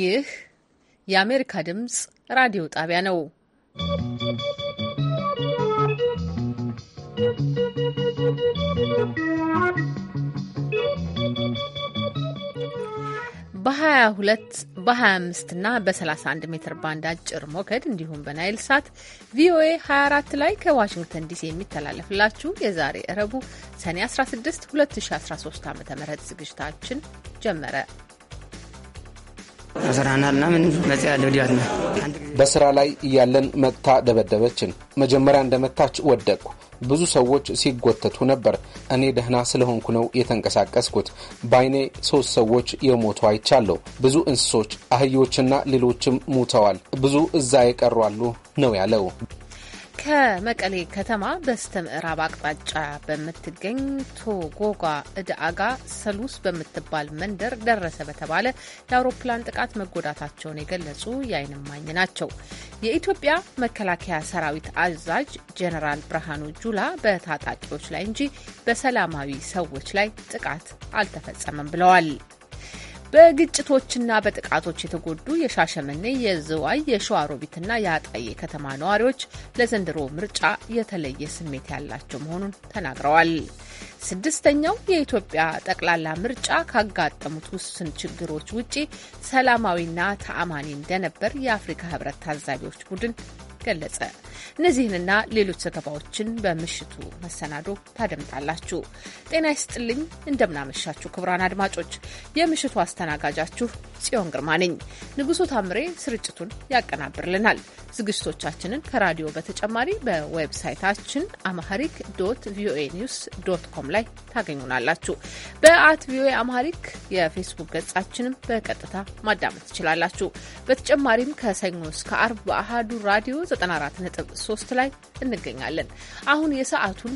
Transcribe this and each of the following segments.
ይህ የአሜሪካ ድምጽ ራዲዮ ጣቢያ ነው። በ22 በ25 እና በ31 ሜትር ባንድ አጭር ሞገድ እንዲሁም በናይል ሳት ቪኦኤ 24 ላይ ከዋሽንግተን ዲሲ የሚተላለፍላችሁ የዛሬ እረቡ ሰኔ 16 2013 ዓ ም ዝግጅታችን ጀመረ። በስራ ላይ እያለን መጥታ ደበደበችን። መጀመሪያ እንደመታች ወደቅኩ። ብዙ ሰዎች ሲጎተቱ ነበር። እኔ ደህና ስለሆንኩ ነው የተንቀሳቀስኩት። በአይኔ ሶስት ሰዎች የሞቱ አይቻለሁ። ብዙ እንስሶች፣ አህዮችና ሌሎችም ሙተዋል። ብዙ እዛ የቀሩ አሉ ነው ያለው። ከመቀሌ ከተማ በስተ ምዕራብ አቅጣጫ በምትገኝ ቶጎጓ እድአጋ ሰሉስ በምትባል መንደር ደረሰ በተባለ የአውሮፕላን ጥቃት መጎዳታቸውን የገለጹ የዓይን እማኝ ናቸው። የኢትዮጵያ መከላከያ ሰራዊት አዛዥ ጀነራል ብርሃኑ ጁላ በታጣቂዎች ላይ እንጂ በሰላማዊ ሰዎች ላይ ጥቃት አልተፈጸመም ብለዋል። በግጭቶችና በጥቃቶች የተጎዱ የሻሸመኔ፣ የዝዋይ፣ የሸዋሮቢትና የአጣዬ ከተማ ነዋሪዎች ለዘንድሮ ምርጫ የተለየ ስሜት ያላቸው መሆኑን ተናግረዋል። ስድስተኛው የኢትዮጵያ ጠቅላላ ምርጫ ካጋጠሙት ውስን ችግሮች ውጪ ሰላማዊና ተአማኒ እንደነበር የአፍሪካ ሕብረት ታዛቢዎች ቡድን ገለጸ። እነዚህንና ሌሎች ዘገባዎችን በምሽቱ መሰናዶ ታደምጣላችሁ። ጤና ይስጥልኝ። እንደምናመሻችሁ ክቡራን አድማጮች የምሽቱ አስተናጋጃችሁ ጽዮን ግርማ ነኝ። ንጉሱ ታምሬ ስርጭቱን ያቀናብርልናል። ዝግጅቶቻችንን ከራዲዮ በተጨማሪ በዌብሳይታችን አማሪክ ዶት ቪኦኤ ኒውስ ዶት ኮም ላይ ታገኙናላችሁ። በአት ቪኦኤ አማሪክ የፌስቡክ ገጻችንም በቀጥታ ማዳመጥ ትችላላችሁ። በተጨማሪም ከሰኞ እስከ አርብ በአህዱ ራዲዮ 94.3 ላይ እንገኛለን። አሁን የሰዓቱን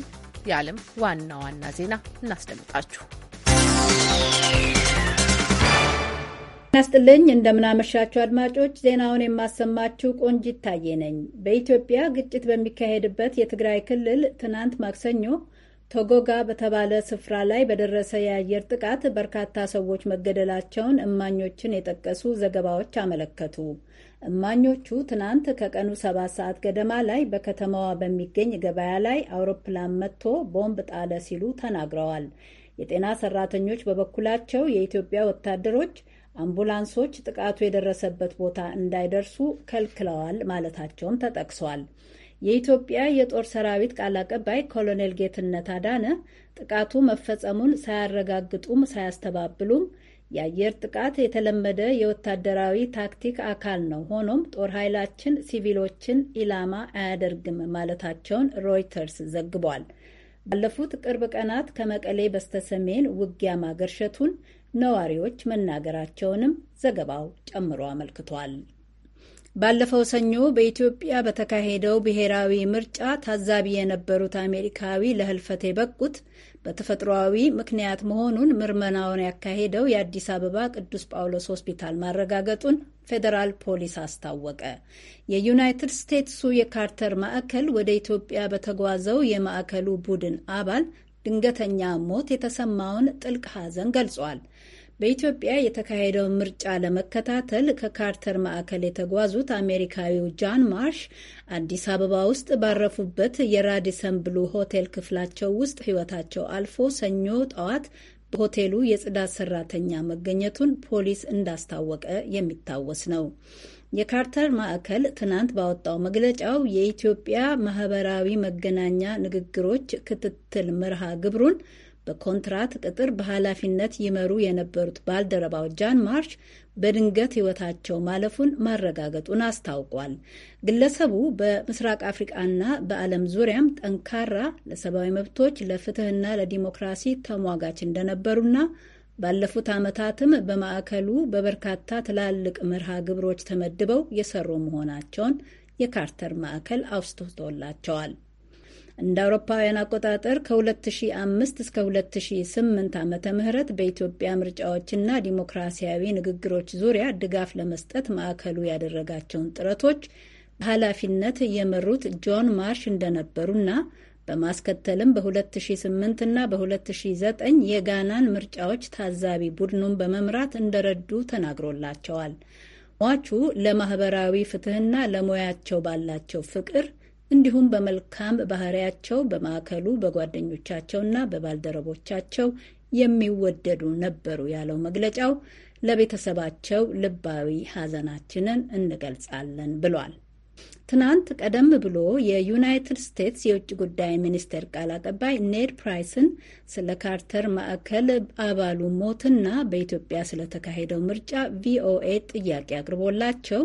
የዓለም ዋና ዋና ዜና እናስደምጣችሁ። ያስጥልኝ እንደምናመሻችሁ አድማጮች፣ ዜናውን የማሰማችሁ ቆንጅ ይታየ ነኝ። በኢትዮጵያ ግጭት በሚካሄድበት የትግራይ ክልል ትናንት ማክሰኞ ቶጎጋ በተባለ ስፍራ ላይ በደረሰ የአየር ጥቃት በርካታ ሰዎች መገደላቸውን እማኞችን የጠቀሱ ዘገባዎች አመለከቱ። እማኞቹ ትናንት ከቀኑ ሰባት ሰዓት ገደማ ላይ በከተማዋ በሚገኝ ገበያ ላይ አውሮፕላን መጥቶ ቦምብ ጣለ ሲሉ ተናግረዋል። የጤና ሰራተኞች በበኩላቸው የኢትዮጵያ ወታደሮች አምቡላንሶች ጥቃቱ የደረሰበት ቦታ እንዳይደርሱ ከልክለዋል ማለታቸውም ተጠቅሷል። የኢትዮጵያ የጦር ሰራዊት ቃል አቀባይ ኮሎኔል ጌትነት አዳነ ጥቃቱ መፈጸሙን ሳያረጋግጡም ሳያስተባብሉም የአየር ጥቃት የተለመደ የወታደራዊ ታክቲክ አካል ነው፣ ሆኖም ጦር ኃይላችን ሲቪሎችን ኢላማ አያደርግም ማለታቸውን ሮይተርስ ዘግቧል። ባለፉት ቅርብ ቀናት ከመቀሌ በስተሰሜን ውጊያ ማገርሸቱን ነዋሪዎች መናገራቸውንም ዘገባው ጨምሮ አመልክቷል። ባለፈው ሰኞ በኢትዮጵያ በተካሄደው ብሔራዊ ምርጫ ታዛቢ የነበሩት አሜሪካዊ ለህልፈት የበቁት በተፈጥሯዊ ምክንያት መሆኑን ምርመናውን ያካሄደው የአዲስ አበባ ቅዱስ ጳውሎስ ሆስፒታል ማረጋገጡን ፌዴራል ፖሊስ አስታወቀ። የዩናይትድ ስቴትሱ የካርተር ማዕከል ወደ ኢትዮጵያ በተጓዘው የማዕከሉ ቡድን አባል ድንገተኛ ሞት የተሰማውን ጥልቅ ሐዘን ገልጿል። በኢትዮጵያ የተካሄደውን ምርጫ ለመከታተል ከካርተር ማዕከል የተጓዙት አሜሪካዊው ጃን ማርሽ አዲስ አበባ ውስጥ ባረፉበት የራዲሰን ብሉ ሆቴል ክፍላቸው ውስጥ ሕይወታቸው አልፎ ሰኞ ጠዋት በሆቴሉ የጽዳት ሰራተኛ መገኘቱን ፖሊስ እንዳስታወቀ የሚታወስ ነው። የካርተር ማዕከል ትናንት ባወጣው መግለጫው የኢትዮጵያ ማህበራዊ መገናኛ ንግግሮች ክትትል መርሃ ግብሩን በኮንትራት ቅጥር በኃላፊነት ይመሩ የነበሩት ባልደረባው ጃን ማርሽ በድንገት ሕይወታቸው ማለፉን ማረጋገጡን አስታውቋል። ግለሰቡ በምስራቅ አፍሪቃና በዓለም ዙሪያም ጠንካራ ለሰብአዊ መብቶች ለፍትህና ለዲሞክራሲ ተሟጋች እንደነበሩና ባለፉት ዓመታትም በማዕከሉ በበርካታ ትላልቅ መርሃ ግብሮች ተመድበው የሰሩ መሆናቸውን የካርተር ማዕከል አውስቶላቸዋል። እንደ አውሮፓውያን አቆጣጠር ከ2005 እስከ 2008 ዓመተ ምህረት በኢትዮጵያ ምርጫዎችና ዲሞክራሲያዊ ንግግሮች ዙሪያ ድጋፍ ለመስጠት ማዕከሉ ያደረጋቸውን ጥረቶች በኃላፊነት የመሩት ጆን ማርሽ እንደነበሩና በማስከተልም በ2008 እና በ2009 የጋናን ምርጫዎች ታዛቢ ቡድኑን በመምራት እንደረዱ ተናግሮላቸዋል። ሟቹ ለማህበራዊ ፍትህና ለሙያቸው ባላቸው ፍቅር እንዲሁም በመልካም ባህሪያቸው በማዕከሉ በጓደኞቻቸውና በባልደረቦቻቸው የሚወደዱ ነበሩ ያለው መግለጫው፣ ለቤተሰባቸው ልባዊ ሐዘናችንን እንገልጻለን ብሏል። ትናንት ቀደም ብሎ የዩናይትድ ስቴትስ የውጭ ጉዳይ ሚኒስቴር ቃል አቀባይ ኔድ ፕራይስን ስለ ካርተር ማዕከል አባሉ ሞትና በኢትዮጵያ ስለተካሄደው ምርጫ ቪኦኤ ጥያቄ አቅርቦላቸው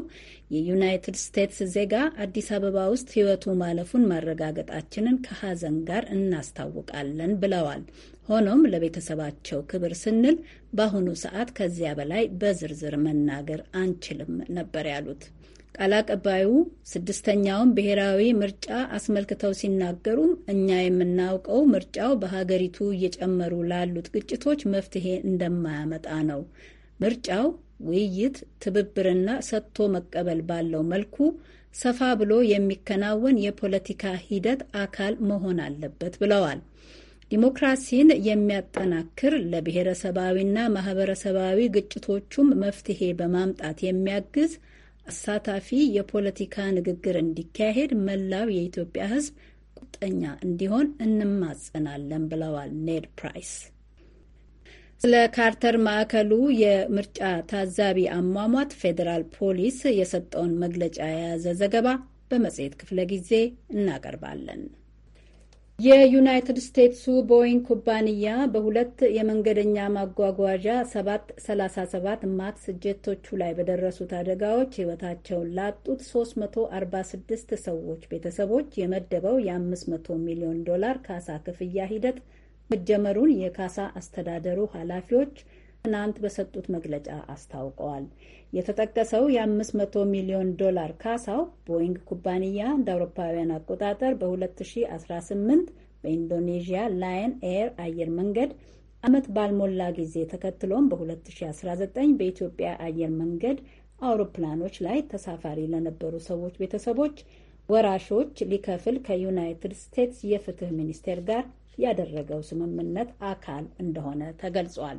የዩናይትድ ስቴትስ ዜጋ አዲስ አበባ ውስጥ ሕይወቱ ማለፉን ማረጋገጣችንን ከሐዘን ጋር እናስታውቃለን ብለዋል። ሆኖም ለቤተሰባቸው ክብር ስንል በአሁኑ ሰዓት ከዚያ በላይ በዝርዝር መናገር አንችልም ነበር ያሉት። ቃል አቀባዩ ስድስተኛውን ብሔራዊ ምርጫ አስመልክተው ሲናገሩ እኛ የምናውቀው ምርጫው በሀገሪቱ እየጨመሩ ላሉት ግጭቶች መፍትሄ እንደማያመጣ ነው። ምርጫው ውይይት፣ ትብብርና ሰጥቶ መቀበል ባለው መልኩ ሰፋ ብሎ የሚከናወን የፖለቲካ ሂደት አካል መሆን አለበት ብለዋል። ዲሞክራሲን የሚያጠናክር ለብሔረሰባዊና ማህበረሰባዊ ግጭቶቹም መፍትሄ በማምጣት የሚያግዝ አሳታፊ የፖለቲካ ንግግር እንዲካሄድ መላው የኢትዮጵያ ሕዝብ ቁጠኛ እንዲሆን እንማጸናለን ብለዋል ኔድ ፕራይስ። ስለ ካርተር ማዕከሉ የምርጫ ታዛቢ አሟሟት ፌዴራል ፖሊስ የሰጠውን መግለጫ የያዘ ዘገባ በመጽሔት ክፍለ ጊዜ እናቀርባለን። የዩናይትድ ስቴትሱ ቦይንግ ኩባንያ በሁለት የመንገደኛ ማጓጓዣ 737 ማክስ ጀቶቹ ላይ በደረሱት አደጋዎች ሕይወታቸውን ላጡት 346 ሰዎች ቤተሰቦች የመደበው የ500 ሚሊዮን ዶላር ካሳ ክፍያ ሂደት መጀመሩን የካሳ አስተዳደሩ ኃላፊዎች ትናንት በሰጡት መግለጫ አስታውቀዋል። የተጠቀሰው የ500 ሚሊዮን ዶላር ካሳው ቦይንግ ኩባንያ እንደ አውሮፓውያን አቆጣጠር በ2018 በኢንዶኔዥያ ላየን ኤር አየር መንገድ ዓመት ባልሞላ ጊዜ ተከትሎም በ2019 በኢትዮጵያ አየር መንገድ አውሮፕላኖች ላይ ተሳፋሪ ለነበሩ ሰዎች ቤተሰቦች ወራሾች ሊከፍል ከዩናይትድ ስቴትስ የፍትህ ሚኒስቴር ጋር ያደረገው ስምምነት አካል እንደሆነ ተገልጿል።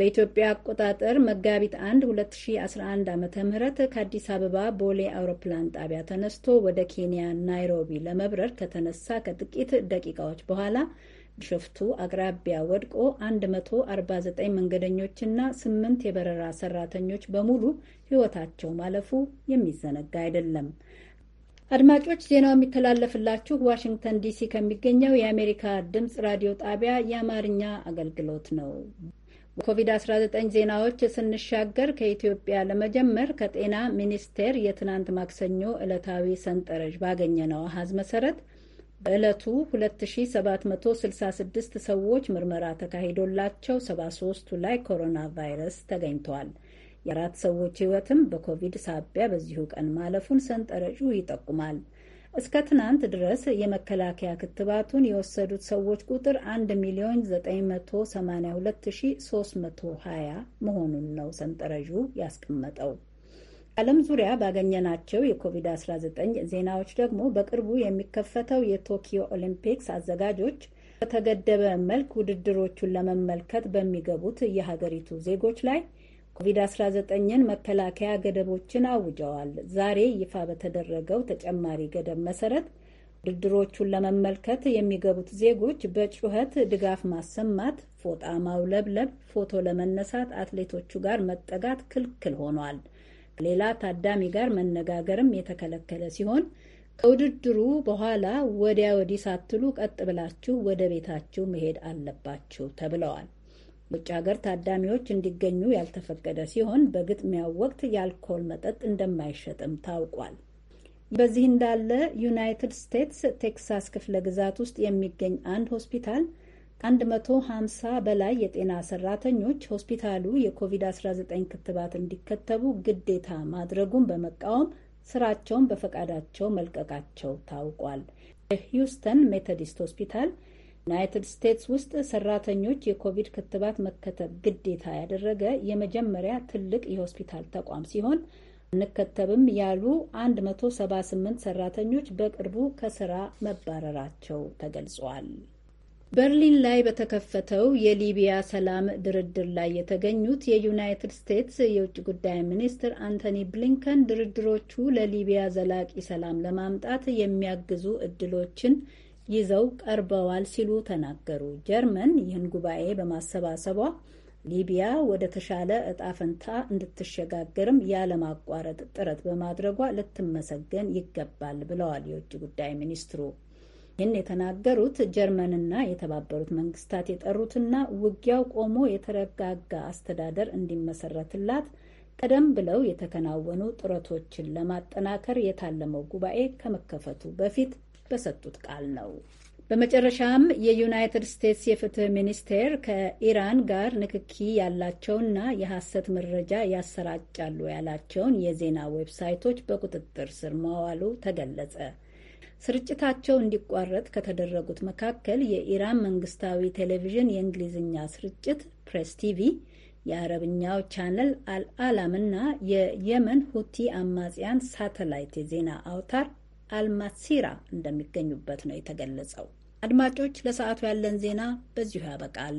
በኢትዮጵያ አቆጣጠር መጋቢት 1 2011 ዓ ም ከአዲስ አበባ ቦሌ አውሮፕላን ጣቢያ ተነስቶ ወደ ኬንያ ናይሮቢ ለመብረር ከተነሳ ከጥቂት ደቂቃዎች በኋላ ቢሾፍቱ አቅራቢያ ወድቆ 149 መንገደኞችና 8 የበረራ ሰራተኞች በሙሉ ሕይወታቸው ማለፉ የሚዘነጋ አይደለም። አድማጮች ዜናው የሚተላለፍላችሁ ዋሽንግተን ዲሲ ከሚገኘው የአሜሪካ ድምፅ ራዲዮ ጣቢያ የአማርኛ አገልግሎት ነው። በኮቪድ-19 ዜናዎች ስንሻገር ከኢትዮጵያ ለመጀመር ከጤና ሚኒስቴር የትናንት ማክሰኞ ዕለታዊ ሰንጠረዥ ባገኘነው አሃዝ መሰረት በዕለቱ 2766 ሰዎች ምርመራ ተካሂዶላቸው 73ቱ ላይ ኮሮና ቫይረስ ተገኝተዋል። የአራት ሰዎች ሕይወትም በኮቪድ ሳቢያ በዚሁ ቀን ማለፉን ሰንጠረዡ ይጠቁማል። እስከ ትናንት ድረስ የመከላከያ ክትባቱን የወሰዱት ሰዎች ቁጥር 1 ሚሊዮን 982320 መሆኑን ነው ሰንጠረዡ ያስቀመጠው። ዓለም ዙሪያ ባገኘናቸው የኮቪድ-19 ዜናዎች ደግሞ በቅርቡ የሚከፈተው የቶኪዮ ኦሊምፒክስ አዘጋጆች በተገደበ መልክ ውድድሮቹን ለመመልከት በሚገቡት የሀገሪቱ ዜጎች ላይ ኮቪድ-19ን መከላከያ ገደቦችን አውጀዋል። ዛሬ ይፋ በተደረገው ተጨማሪ ገደብ መሰረት ውድድሮቹን ለመመልከት የሚገቡት ዜጎች በጩኸት ድጋፍ ማሰማት፣ ፎጣ ማውለብለብ፣ ፎቶ ለመነሳት አትሌቶቹ ጋር መጠጋት ክልክል ሆኗል። ከሌላ ታዳሚ ጋር መነጋገርም የተከለከለ ሲሆን ከውድድሩ በኋላ ወዲያ ወዲህ ሳትሉ ቀጥ ብላችሁ ወደ ቤታችሁ መሄድ አለባችሁ ተብለዋል። ውጭ ሀገር ታዳሚዎች እንዲገኙ ያልተፈቀደ ሲሆን በግጥሚያው ወቅት የአልኮል መጠጥ እንደማይሸጥም ታውቋል። በዚህ እንዳለ ዩናይትድ ስቴትስ ቴክሳስ ክፍለ ግዛት ውስጥ የሚገኝ አንድ ሆስፒታል ከ150 በላይ የጤና ሰራተኞች ሆስፒታሉ የኮቪድ-19 ክትባት እንዲከተቡ ግዴታ ማድረጉን በመቃወም ስራቸውን በፈቃዳቸው መልቀቃቸው ታውቋል። የሂውስተን ሜቶዲስት ሆስፒታል ዩናይትድ ስቴትስ ውስጥ ሰራተኞች የኮቪድ ክትባት መከተብ ግዴታ ያደረገ የመጀመሪያ ትልቅ የሆስፒታል ተቋም ሲሆን እንከተብም ያሉ 178 ሰራተኞች በቅርቡ ከስራ መባረራቸው ተገልጿል። በርሊን ላይ በተከፈተው የሊቢያ ሰላም ድርድር ላይ የተገኙት የዩናይትድ ስቴትስ የውጭ ጉዳይ ሚኒስትር አንቶኒ ብሊንከን ድርድሮቹ ለሊቢያ ዘላቂ ሰላም ለማምጣት የሚያግዙ እድሎችን ይዘው ቀርበዋል ሲሉ ተናገሩ። ጀርመን ይህን ጉባኤ በማሰባሰቧ ሊቢያ ወደ ተሻለ እጣ ፈንታ እንድትሸጋገርም ያለማቋረጥ ጥረት በማድረጓ ልትመሰገን ይገባል ብለዋል የውጭ ጉዳይ ሚኒስትሩ። ይህን የተናገሩት ጀርመንና የተባበሩት መንግስታት የጠሩትና ውጊያው ቆሞ የተረጋጋ አስተዳደር እንዲመሰረትላት ቀደም ብለው የተከናወኑ ጥረቶችን ለማጠናከር የታለመው ጉባኤ ከመከፈቱ በፊት በሰጡት ቃል ነው። በመጨረሻም የዩናይትድ ስቴትስ የፍትህ ሚኒስቴር ከኢራን ጋር ንክኪ ያላቸውና የሐሰት መረጃ ያሰራጫሉ ያላቸውን የዜና ዌብሳይቶች በቁጥጥር ስር መዋሉ ተገለጸ። ስርጭታቸው እንዲቋረጥ ከተደረጉት መካከል የኢራን መንግስታዊ ቴሌቪዥን የእንግሊዝኛ ስርጭት ፕሬስ ቲቪ፣ የአረብኛው ቻነል አልአላም እና የየመን ሁቲ አማጽያን ሳተላይት የዜና አውታር አልማሲራ እንደሚገኙበት ነው የተገለጸው። አድማጮች፣ ለሰዓቱ ያለን ዜና በዚሁ ያበቃል።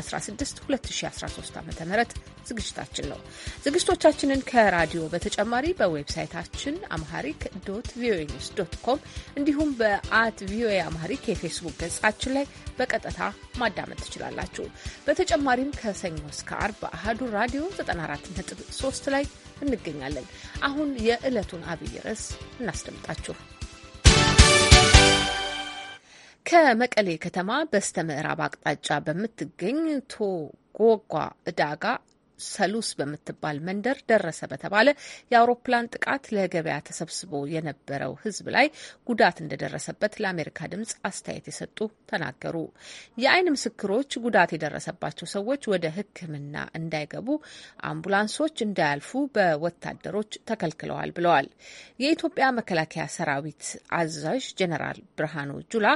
16 2013 ዓ ም ዝግጅታችን ነው። ዝግጅቶቻችንን ከራዲዮ በተጨማሪ በዌብሳይታችን አምሃሪክ ዶት ቪኦኤ ኒውስ ዶት ኮም እንዲሁም በአት ቪኦኤ አምሃሪክ የፌስቡክ ገጻችን ላይ በቀጥታ ማዳመጥ ትችላላችሁ። በተጨማሪም ከሰኞ እስከ አርብ በአህዱ ራዲዮ 94.3 ላይ እንገኛለን። አሁን የዕለቱን አብይ ርዕስ እናስደምጣችሁ። ከመቀሌ ከተማ በስተ ምዕራብ አቅጣጫ በምትገኝ ቶጎጓ ዕዳጋ ሰሉስ በምትባል መንደር ደረሰ በተባለ የአውሮፕላን ጥቃት ለገበያ ተሰብስቦ የነበረው ሕዝብ ላይ ጉዳት እንደደረሰበት ለአሜሪካ ድምጽ አስተያየት የሰጡ ተናገሩ። የአይን ምስክሮች ጉዳት የደረሰባቸው ሰዎች ወደ ሕክምና እንዳይገቡ አምቡላንሶች እንዳያልፉ በወታደሮች ተከልክለዋል ብለዋል። የኢትዮጵያ መከላከያ ሰራዊት አዛዥ ጀኔራል ብርሃኑ ጁላ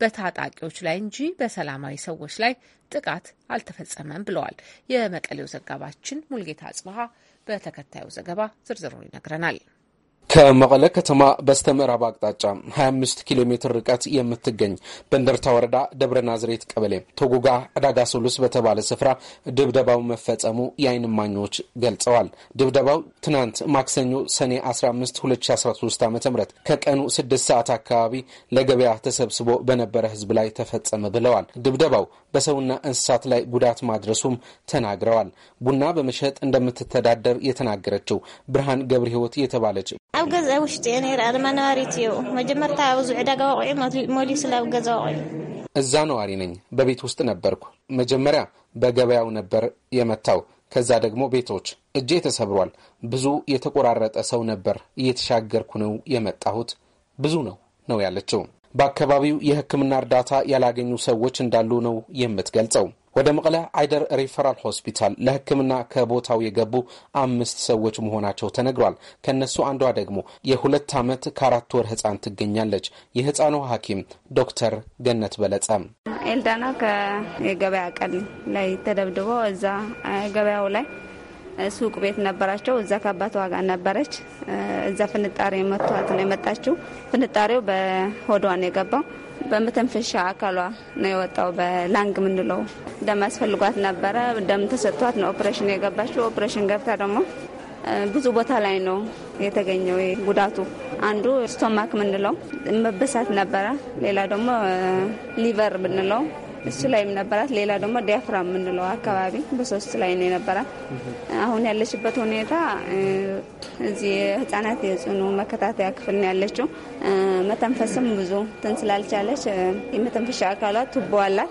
በታጣቂዎች ላይ እንጂ በሰላማዊ ሰዎች ላይ ጥቃት አልተፈጸመም ብለዋል። የመቀሌው ዘጋባችን ሙልጌታ አጽበሀ በተከታዩ ዘገባ ዝርዝሩን ይነግረናል። ከመቀለ ከተማ በስተ ምዕራብ አቅጣጫ 25 ኪሎ ሜትር ርቀት የምትገኝ በንደርታ ወረዳ ደብረ ናዝሬት ቀበሌ ቶጉጋ አዳጋ ሶሉስ በተባለ ስፍራ ድብደባው መፈጸሙ የአይን እማኞች ገልጸዋል። ድብደባው ትናንት ማክሰኞ ሰኔ 15 2013 ዓ ም ከቀኑ 6 ሰዓት አካባቢ ለገበያ ተሰብስቦ በነበረ ህዝብ ላይ ተፈጸመ ብለዋል። ድብደባው በሰውና እንስሳት ላይ ጉዳት ማድረሱም ተናግረዋል። ቡና በመሸጥ እንደምትተዳደር የተናገረችው ብርሃን ገብረ ህይወት የተባለች ኣብ ገዛ ውሽጢ እየ ነይራ ኣነማ ነዋሪት እዩ መጀመርታ ኣብዚ ዕዳጋ ዋቑዒ ሞሊዩ ኣብ ገዛ ዋቑዒ እዛ ነዋሪ ነኝ። በቤት ውስጥ ነበርኩ። መጀመሪያ በገበያው ነበር የመታው። ከዛ ደግሞ ቤቶች እጄ ተሰብሯል። ብዙ የተቆራረጠ ሰው ነበር። እየተሻገርኩ ነው የመጣሁት። ብዙ ነው ነው ያለችው። በአካባቢው የህክምና እርዳታ ያላገኙ ሰዎች እንዳሉ ነው የምትገልጸው። ወደ መቀለ አይደር ሪፈራል ሆስፒታል ለሕክምና ከቦታው የገቡ አምስት ሰዎች መሆናቸው ተነግሯል። ከነሱ አንዷ ደግሞ የሁለት ዓመት ከአራት ወር ህፃን ትገኛለች። የህፃኗ ሐኪም ዶክተር ገነት በለጸ ኤልዳና ከገበያ ቀል ላይ ተደብድቦ እዛ ገበያው ላይ ሱቅ ቤት ነበራቸው። እዛ ከአባቷ ጋር ነበረች። እዛ ፍንጣሬ መቷት ነው የመጣችው። ፍንጣሬው በሆዷን የገባው በመተንፈሻ አካሏ ነው የወጣው። በላንግ ምንለው ደም አስፈልጓት ነበረ። ደም ተሰጥቷት ነው ኦፕሬሽን የገባችው። ኦፕሬሽን ገብታ ደግሞ ብዙ ቦታ ላይ ነው የተገኘው ጉዳቱ። አንዱ ስቶማክ ምንለው መበሳት ነበረ። ሌላ ደግሞ ሊቨር ምንለው እሱ ላይም ነበራት። ሌላ ደግሞ ዲያፍራ የምንለው አካባቢ በሶስት ላይ ነው የነበራት። አሁን ያለችበት ሁኔታ እዚህ ህጻናት የጽኑ መከታተያ ክፍል ነው ያለችው። መተንፈስም ብዙ እንትን ስላልቻለች የመተንፈሻ አካሏ ቱቦ አላት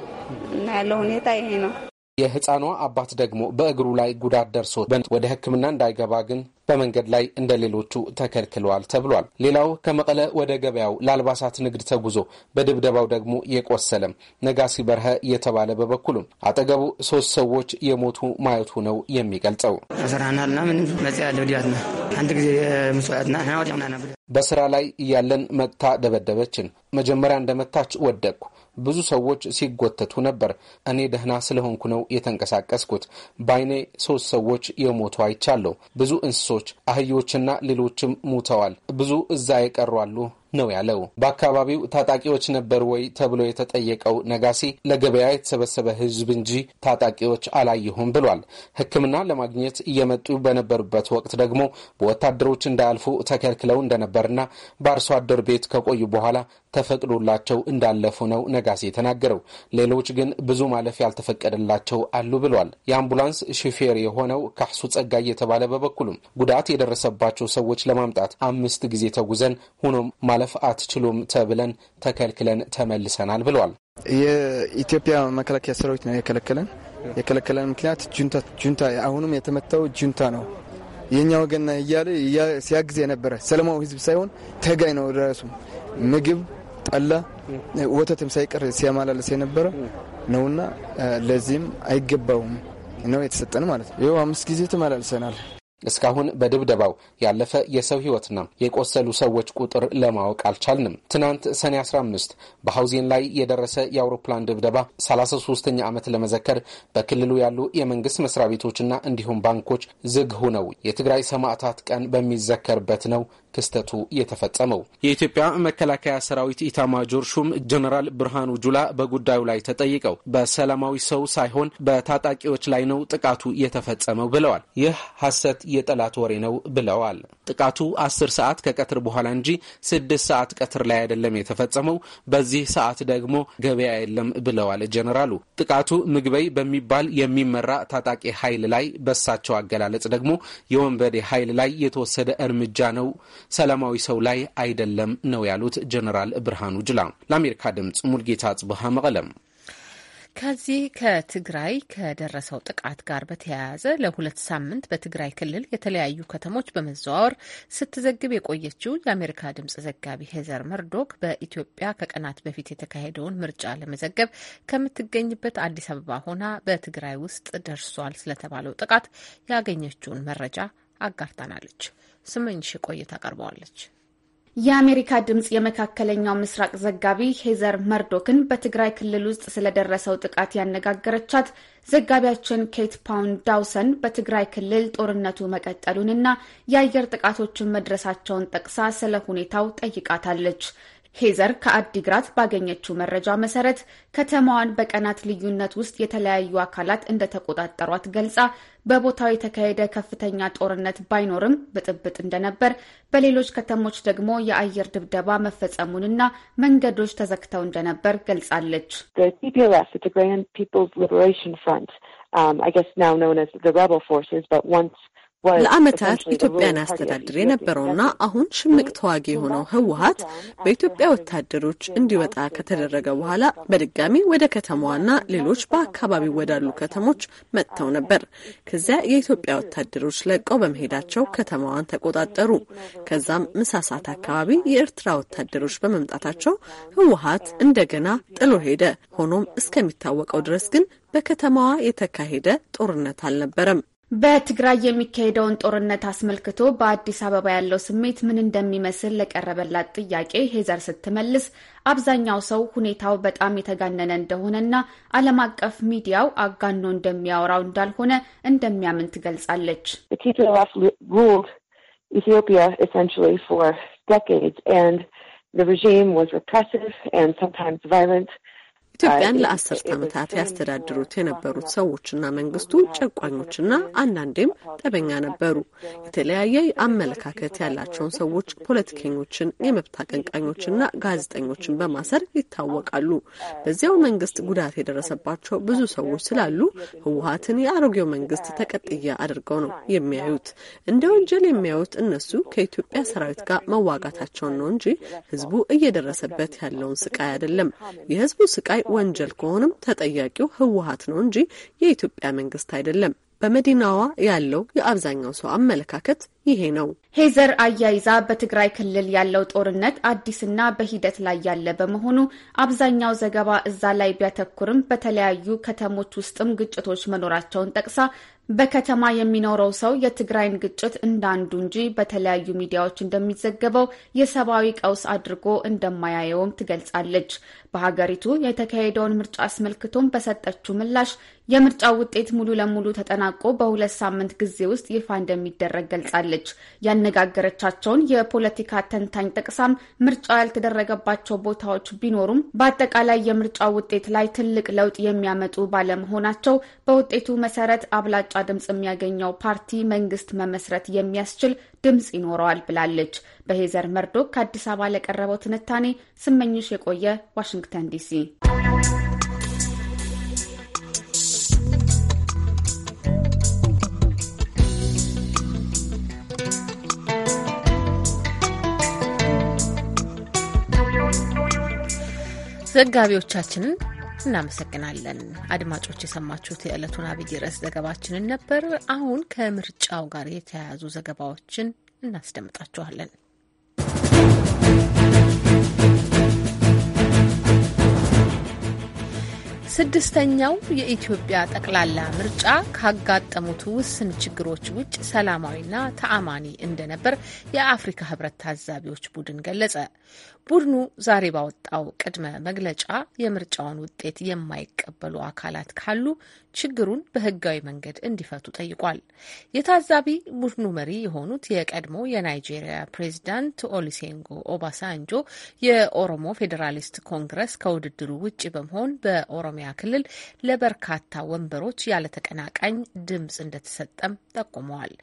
እና ያለው ሁኔታ ይሄ ነው። የህፃኗ አባት ደግሞ በእግሩ ላይ ጉዳት ደርሶ ወደ ሕክምና እንዳይገባ ግን በመንገድ ላይ እንደ ሌሎቹ ተከልክለዋል ተብሏል። ሌላው ከመቀለ ወደ ገበያው ለአልባሳት ንግድ ተጉዞ በድብደባው ደግሞ የቆሰለም ነጋሲ በርሀ እየተባለ በበኩሉም አጠገቡ ሶስት ሰዎች የሞቱ ማየቱ ነው የሚገልጸው። በስራ ላይ እያለን መጥታ ደበደበችን። መጀመሪያ እንደመታች ወደቅኩ። ብዙ ሰዎች ሲጎተቱ ነበር። እኔ ደህና ስለሆንኩ ነው የተንቀሳቀስኩት። በአይኔ ሶስት ሰዎች የሞቱ አይቻለሁ። ብዙ እንስሶች፣ አህዮችና ሌሎችም ሙተዋል። ብዙ እዛ የቀሩ አሉ ነው ያለው። በአካባቢው ታጣቂዎች ነበር ወይ ተብሎ የተጠየቀው ነጋሴ ለገበያ የተሰበሰበ ህዝብ እንጂ ታጣቂዎች አላየሁም ብሏል። ሕክምና ለማግኘት እየመጡ በነበሩበት ወቅት ደግሞ በወታደሮች እንዳያልፉ ተከልክለው እንደነበርና በአርሶ አደር ቤት ከቆዩ በኋላ ተፈቅዶላቸው እንዳለፉ ነው ነጋሴ ተናገረው። ሌሎች ግን ብዙ ማለፍ ያልተፈቀደላቸው አሉ ብሏል። የአምቡላንስ ሹፌር የሆነው ካሱ ጸጋይ የተባለ በበኩሉም ጉዳት የደረሰባቸው ሰዎች ለማምጣት አምስት ጊዜ ተጉዘን ሆኖም ማለፍ ማለፍ አትችሉም ተብለን ተከልክለን ተመልሰናል ብሏል። የኢትዮጵያ መከላከያ ሰራዊት ነው የከለከለን። የከለከለን ምክንያት ጁንታ፣ አሁንም የተመታው ጁንታ ነው የእኛ ወገን እያለ ሲያግዝ የነበረ ሰለማዊ ህዝብ ሳይሆን ተጋይ ነው። ራሱ ምግብ፣ ጠላ፣ ወተትም ሳይቀር ሲያመላለስ የነበረ ነውና ለዚህም አይገባውም ነው የተሰጠን ማለት ነው። ይኸው አምስት ጊዜ ተመላልሰናል። እስካሁን በድብደባው ያለፈ የሰው ህይወትና የቆሰሉ ሰዎች ቁጥር ለማወቅ አልቻልንም። ትናንት ሰኔ 15 በሐውዜን ላይ የደረሰ የአውሮፕላን ድብደባ 33ኛ ዓመት ለመዘከር በክልሉ ያሉ የመንግስት መስሪያ ቤቶችና እንዲሁም ባንኮች ዝግ ሆነው የትግራይ ሰማዕታት ቀን በሚዘከርበት ነው ክስተቱ የተፈጸመው። የኢትዮጵያ መከላከያ ሰራዊት ኢታማጆር ሹም ጀኔራል ብርሃኑ ጁላ በጉዳዩ ላይ ተጠይቀው በሰላማዊ ሰው ሳይሆን በታጣቂዎች ላይ ነው ጥቃቱ የተፈጸመው ብለዋል። ይህ ሐሰት የጠላት ወሬ ነው ብለዋል። ጥቃቱ አስር ሰዓት ከቀትር በኋላ እንጂ ስድስት ሰዓት ቀትር ላይ አይደለም የተፈጸመው። በዚህ ሰዓት ደግሞ ገበያ የለም ብለዋል ጀኔራሉ። ጥቃቱ ምግበይ በሚባል የሚመራ ታጣቂ ኃይል ላይ በሳቸው አገላለጽ ደግሞ የወንበዴ ኃይል ላይ የተወሰደ እርምጃ ነው ሰላማዊ ሰው ላይ አይደለም ነው ያሉት ጀነራል ብርሃኑ ጅላ። ለአሜሪካ ድምፅ ሙልጌታ ጽብሃ መቀለም። ከዚህ ከትግራይ ከደረሰው ጥቃት ጋር በተያያዘ ለሁለት ሳምንት በትግራይ ክልል የተለያዩ ከተሞች በመዘዋወር ስትዘግብ የቆየችው የአሜሪካ ድምጽ ዘጋቢ ሄዘር መርዶክ በኢትዮጵያ ከቀናት በፊት የተካሄደውን ምርጫ ለመዘገብ ከምትገኝበት አዲስ አበባ ሆና በትግራይ ውስጥ ደርሷል ስለተባለው ጥቃት ያገኘችውን መረጃ አጋርታናለች። ስመኝሽ ቆይታ ቀርበዋለች። የአሜሪካ ድምፅ የመካከለኛው ምስራቅ ዘጋቢ ሄዘር መርዶክን በትግራይ ክልል ውስጥ ስለደረሰው ጥቃት ያነጋገረቻት ዘጋቢያችን ኬት ፓውን ዳውሰን በትግራይ ክልል ጦርነቱ መቀጠሉንና የአየር ጥቃቶችን መድረሳቸውን ጠቅሳ ስለ ሁኔታው ጠይቃታለች። ሄዘር ከአዲግራት ባገኘችው መረጃ መሰረት ከተማዋን በቀናት ልዩነት ውስጥ የተለያዩ አካላት እንደተቆጣጠሯት ገልጻ በቦታው የተካሄደ ከፍተኛ ጦርነት ባይኖርም ብጥብጥ እንደነበር፣ በሌሎች ከተሞች ደግሞ የአየር ድብደባ መፈጸሙንና መንገዶች ተዘግተው እንደነበር ገልጻለች። ለአመታት ኢትዮጵያን ያስተዳድር የነበረውና አሁን ሽምቅ ተዋጊ የሆነው ህወሀት በኢትዮጵያ ወታደሮች እንዲወጣ ከተደረገ በኋላ በድጋሚ ወደ ከተማዋና ሌሎች በአካባቢው ወዳሉ ከተሞች መጥተው ነበር። ከዚያ የኢትዮጵያ ወታደሮች ለቀው በመሄዳቸው ከተማዋን ተቆጣጠሩ። ከዛም ምሳሳት አካባቢ የኤርትራ ወታደሮች በመምጣታቸው ህወሀት እንደገና ጥሎ ሄደ። ሆኖም እስከሚታወቀው ድረስ ግን በከተማዋ የተካሄደ ጦርነት አልነበረም። በትግራይ የሚካሄደውን ጦርነት አስመልክቶ በአዲስ አበባ ያለው ስሜት ምን እንደሚመስል ለቀረበላት ጥያቄ ሄዘር ስትመልስ አብዛኛው ሰው ሁኔታው በጣም የተጋነነ እንደሆነና ዓለም አቀፍ ሚዲያው አጋኖ እንደሚያወራው እንዳልሆነ እንደሚያምን ትገልጻለች። ኢትዮጵያ ፎር ኢትዮጵያን ለአስርት ዓመታት ያስተዳድሩት የነበሩት ሰዎችና መንግስቱ ጨቋኞችና አንዳንዴም ጠበኛ ነበሩ። የተለያየ አመለካከት ያላቸውን ሰዎች፣ ፖለቲከኞችን፣ የመብት አቀንቃኞችና ጋዜጠኞችን በማሰር ይታወቃሉ። በዚያው መንግስት ጉዳት የደረሰባቸው ብዙ ሰዎች ስላሉ ህወሀትን የአሮጌው መንግስት ተቀጥያ አድርገው ነው የሚያዩት። እንደ ወንጀል የሚያዩት እነሱ ከኢትዮጵያ ሰራዊት ጋር መዋጋታቸውን ነው እንጂ ህዝቡ እየደረሰበት ያለውን ስቃይ አይደለም። የህዝቡ ስቃይ ወንጀል ከሆነም ተጠያቂው ህወሀት ነው እንጂ የኢትዮጵያ መንግስት አይደለም። በመዲናዋ ያለው የአብዛኛው ሰው አመለካከት ይሄ ነው። ሄዘር አያይዛ በትግራይ ክልል ያለው ጦርነት አዲስና በሂደት ላይ ያለ በመሆኑ አብዛኛው ዘገባ እዛ ላይ ቢያተኩርም በተለያዩ ከተሞች ውስጥም ግጭቶች መኖራቸውን ጠቅሳ በከተማ የሚኖረው ሰው የትግራይን ግጭት እንዳንዱ እንጂ በተለያዩ ሚዲያዎች እንደሚዘገበው የሰብአዊ ቀውስ አድርጎ እንደማያየውም ትገልጻለች። በሀገሪቱ የተካሄደውን ምርጫ አስመልክቶም በሰጠችው ምላሽ የምርጫው ውጤት ሙሉ ለሙሉ ተጠናቆ በሁለት ሳምንት ጊዜ ውስጥ ይፋ እንደሚደረግ ገልጻለች። ብላለች። ያነጋገረቻቸውን የፖለቲካ ተንታኝ ጠቅሳም ምርጫ ያልተደረገባቸው ቦታዎች ቢኖሩም በአጠቃላይ የምርጫ ውጤት ላይ ትልቅ ለውጥ የሚያመጡ ባለመሆናቸው በውጤቱ መሰረት አብላጫ ድምፅ የሚያገኘው ፓርቲ መንግስት መመስረት የሚያስችል ድምፅ ይኖረዋል ብላለች። በሄዘር መርዶክ ከአዲስ አበባ ለቀረበው ትንታኔ ስመኝሽ የቆየ ዋሽንግተን ዲሲ። ዘጋቢዎቻችንን እናመሰግናለን። አድማጮች የሰማችሁት የዕለቱን አብይ ርዕስ ዘገባችንን ነበር። አሁን ከምርጫው ጋር የተያያዙ ዘገባዎችን እናስደምጣችኋለን። ስድስተኛው የኢትዮጵያ ጠቅላላ ምርጫ ካጋጠሙት ውስን ችግሮች ውጭ ሰላማዊና ተአማኒ እንደነበር የአፍሪካ ሕብረት ታዛቢዎች ቡድን ገለጸ። ቡድኑ ዛሬ ባወጣው ቅድመ መግለጫ የምርጫውን ውጤት የማይቀበሉ አካላት ካሉ ችግሩን በሕጋዊ መንገድ እንዲፈቱ ጠይቋል። የታዛቢ ቡድኑ መሪ የሆኑት የቀድሞ የናይጄሪያ ፕሬዚዳንት ኦሊሴንጎ ኦባሳንጆ የኦሮሞ ፌዴራሊስት ኮንግረስ ከውድድሩ ውጭ በመሆን በኦሮሚያ ክልል ለበርካታ ወንበሮች ያለ ተቀናቃኝ ድምጽ እንደተሰጠም ጠቁመዋል።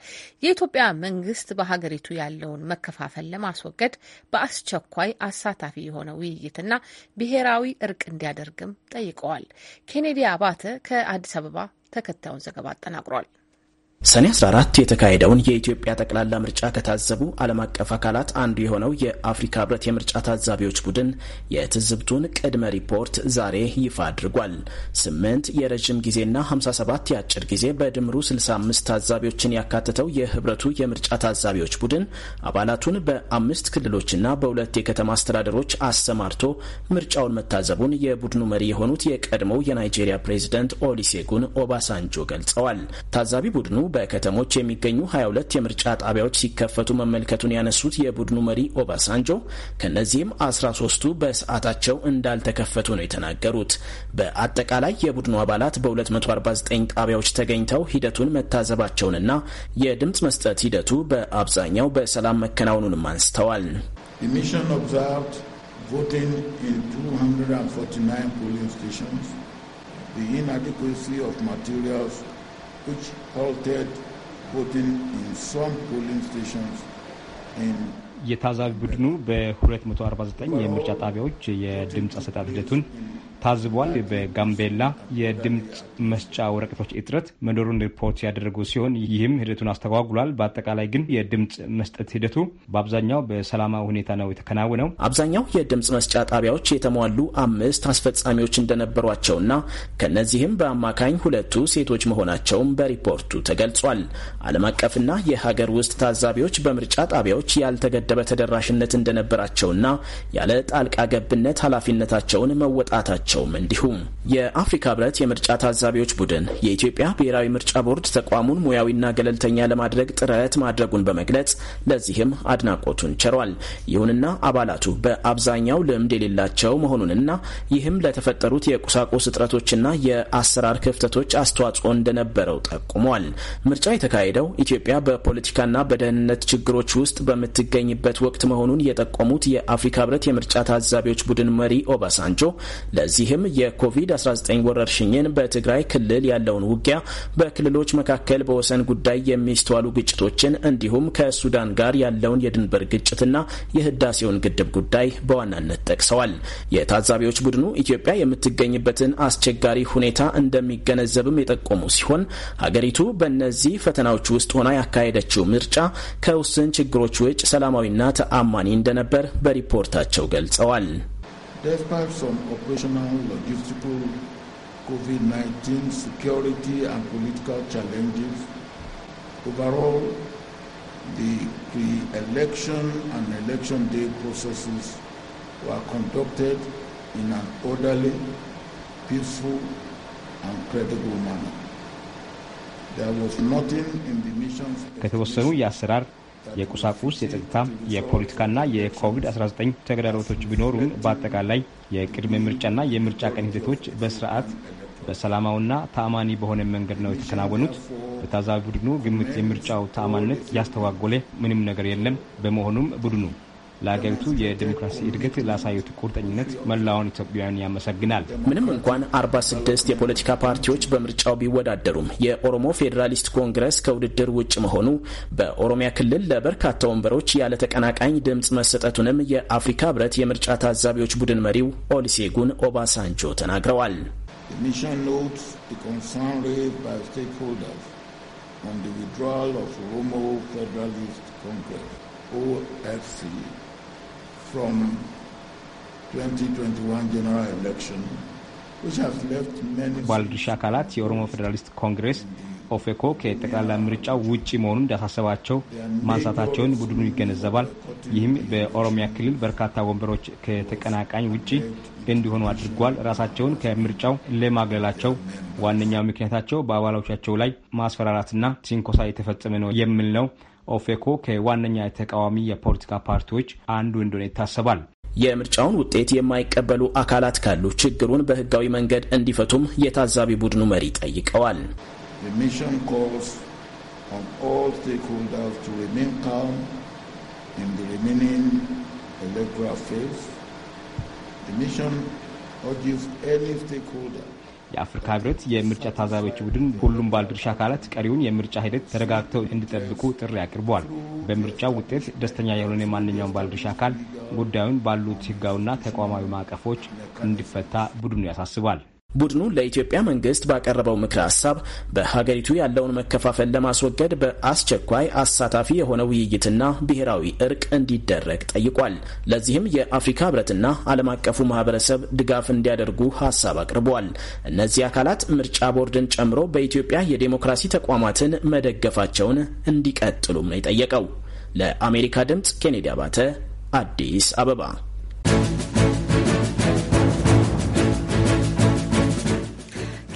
የኢትዮጵያ መንግስት በሀገሪቱ ያለውን መከፋፈል ለማስወገድ በአስቸኳይ አሳታፊ የሆነ ውይይትና ብሔራዊ እርቅ እንዲያደርግም ጠይቀዋል። ኬኔዲ አባተ ከአዲስ አበባ ተከታዩን ዘገባ አጠናቅሯል። ሰኔ 14 የተካሄደውን የኢትዮጵያ ጠቅላላ ምርጫ ከታዘቡ ዓለም አቀፍ አካላት አንዱ የሆነው የአፍሪካ ህብረት የምርጫ ታዛቢዎች ቡድን የትዝብቱን ቅድመ ሪፖርት ዛሬ ይፋ አድርጓል። ስምንት የረዥም ጊዜና 57 የአጭር ጊዜ በድምሩ 65 ታዛቢዎችን ያካተተው የህብረቱ የምርጫ ታዛቢዎች ቡድን አባላቱን በአምስት ክልሎችና በሁለት የከተማ አስተዳደሮች አሰማርቶ ምርጫውን መታዘቡን የቡድኑ መሪ የሆኑት የቀድሞው የናይጄሪያ ፕሬዚደንት ኦሊሴጉን ኦባሳንጆ ገልጸዋል። ታዛቢ ቡድኑ በከተሞች የሚገኙ 22 የምርጫ ጣቢያዎች ሲከፈቱ መመልከቱን ያነሱት የቡድኑ መሪ ኦባሳንጆ ከእነዚህም 13ቱ በሰዓታቸው እንዳልተከፈቱ ነው የተናገሩት። በአጠቃላይ የቡድኑ አባላት በ249 ጣቢያዎች ተገኝተው ሂደቱን መታዘባቸውንና የድምፅ መስጠት ሂደቱ በአብዛኛው በሰላም መከናወኑንም አንስተዋል። The inadequacy of materials which halted voting in some polling stations in የታዛቢ ቡድኑ በ249 የምርጫ ጣቢያዎች የድምፅ አሰጣጥ ሂደቱን ታዝቧል። በጋምቤላ የድምፅ መስጫ ወረቀቶች እጥረት መኖሩን ሪፖርት ያደረጉ ሲሆን ይህም ሂደቱን አስተጓጉሏል። በአጠቃላይ ግን የድምፅ መስጠት ሂደቱ በአብዛኛው በሰላማዊ ሁኔታ ነው የተከናወነው። አብዛኛው የድምፅ መስጫ ጣቢያዎች የተሟሉ አምስት አስፈጻሚዎች እንደነበሯቸውና ከእነዚህም በአማካኝ ሁለቱ ሴቶች መሆናቸውም በሪፖርቱ ተገልጿል። ዓለም አቀፍና የሀገር ውስጥ ታዛቢዎች በምርጫ ጣቢያዎች ያልተገደበ ተደራሽነት እንደነበራቸውና ያለ ጣልቃ ገብነት ኃላፊነታቸውን መወጣታቸው ናቸውም። እንዲሁም የአፍሪካ ህብረት የምርጫ ታዛቢዎች ቡድን የኢትዮጵያ ብሔራዊ ምርጫ ቦርድ ተቋሙን ሙያዊና ገለልተኛ ለማድረግ ጥረት ማድረጉን በመግለጽ ለዚህም አድናቆቱን ቸሯል። ይሁንና አባላቱ በአብዛኛው ልምድ የሌላቸው መሆኑንና ይህም ለተፈጠሩት የቁሳቁስ እጥረቶችና የአሰራር ክፍተቶች አስተዋጽኦ እንደነበረው ጠቁሟል። ምርጫ የተካሄደው ኢትዮጵያ በፖለቲካና በደህንነት ችግሮች ውስጥ በምትገኝበት ወቅት መሆኑን የጠቆሙት የአፍሪካ ህብረት የምርጫ ታዛቢዎች ቡድን መሪ ኦባሳንጆ ለዚህ በዚህም የኮቪድ-19 ወረርሽኝን በትግራይ ክልል ያለውን ውጊያ፣ በክልሎች መካከል በወሰን ጉዳይ የሚስተዋሉ ግጭቶችን እንዲሁም ከሱዳን ጋር ያለውን የድንበር ግጭትና የህዳሴውን ግድብ ጉዳይ በዋናነት ጠቅሰዋል። የታዛቢዎች ቡድኑ ኢትዮጵያ የምትገኝበትን አስቸጋሪ ሁኔታ እንደሚገነዘብም የጠቆሙ ሲሆን ሀገሪቱ በእነዚህ ፈተናዎች ውስጥ ሆና ያካሄደችው ምርጫ ከውስን ችግሮች ውጭ ሰላማዊና ተአማኒ እንደነበር በሪፖርታቸው ገልጸዋል። Despite some operational, logistical, COVID-19, security and political challenges, overall, the pre-election and election day processes were conducted in an orderly, peaceful, and credible manner. There was nothing in the missions. ከተወሰኑ የአሰራር የቁሳቁስ፣ የጸጥታ፣ የፖለቲካና የኮቪድ-19 ተግዳሮቶች ቢኖሩም በአጠቃላይ የቅድመ ምርጫና የምርጫ ቀን ሂደቶች በስርዓት በሰላማዊና ተአማኒ በሆነ መንገድ ነው የተከናወኑት። በታዛቢ ቡድኑ ግምት የምርጫው ተአማንነት ያስተዋጎለ ምንም ነገር የለም። በመሆኑም ቡድኑ ለሀገሪቱ የዲሞክራሲ እድገት ላሳዩት ቁርጠኝነት መላውን ኢትዮጵያውያን ያመሰግናል። ምንም እንኳን 46 የፖለቲካ ፓርቲዎች በምርጫው ቢወዳደሩም የኦሮሞ ፌዴራሊስት ኮንግረስ ከውድድር ውጭ መሆኑ በኦሮሚያ ክልል ለበርካታ ወንበሮች ያለ ተቀናቃኝ ድምፅ መሰጠቱንም የአፍሪካ ህብረት የምርጫ ታዛቢዎች ቡድን መሪው ኦሊሴጉን ኦባሳንጆ ተናግረዋል። on the withdrawal of Federalist Congress, from 2021 general election ባለድርሻ አካላት የኦሮሞ ፌዴራሊስት ኮንግሬስ ኦፌኮ ከጠቅላላ ምርጫው ውጪ መሆኑን እንዳሳሰባቸው ማንሳታቸውን ቡድኑ ይገነዘባል። ይህም በኦሮሚያ ክልል በርካታ ወንበሮች ከተቀናቃኝ ውጪ እንዲሆኑ አድርጓል። ራሳቸውን ከምርጫው ለማግለላቸው ዋነኛው ምክንያታቸው በአባሎቻቸው ላይ ማስፈራራትና ትንኮሳ የተፈጸመ ነው የሚል ነው። ኦፌኮ ከዋነኛ ተቃዋሚ የፖለቲካ ፓርቲዎች አንዱ እንደሆነ ይታሰባል። የምርጫውን ውጤት የማይቀበሉ አካላት ካሉ ችግሩን በህጋዊ መንገድ እንዲፈቱም የታዛቢ ቡድኑ መሪ ጠይቀዋል። ሚሽን ኦዲስ urges የአፍሪካ ህብረት የምርጫ ታዛቢዎች ቡድን ሁሉም ባለድርሻ አካላት ቀሪውን የምርጫ ሂደት ተረጋግተው እንዲጠብቁ ጥሪ አቅርቧል። በምርጫው ውጤት ደስተኛ የሆነ የማንኛውም ባለድርሻ አካል ጉዳዩን ባሉት ህጋዊና ተቋማዊ ማዕቀፎች እንዲፈታ ቡድኑ ያሳስባል። ቡድኑ ለኢትዮጵያ መንግስት ባቀረበው ምክረ ሀሳብ በሀገሪቱ ያለውን መከፋፈል ለማስወገድ በአስቸኳይ አሳታፊ የሆነ ውይይትና ብሔራዊ እርቅ እንዲደረግ ጠይቋል። ለዚህም የአፍሪካ ህብረትና ዓለም አቀፉ ማህበረሰብ ድጋፍ እንዲያደርጉ ሀሳብ አቅርበዋል። እነዚህ አካላት ምርጫ ቦርድን ጨምሮ በኢትዮጵያ የዴሞክራሲ ተቋማትን መደገፋቸውን እንዲቀጥሉም ነው የጠየቀው። ለአሜሪካ ድምፅ ኬኔዲ አባተ አዲስ አበባ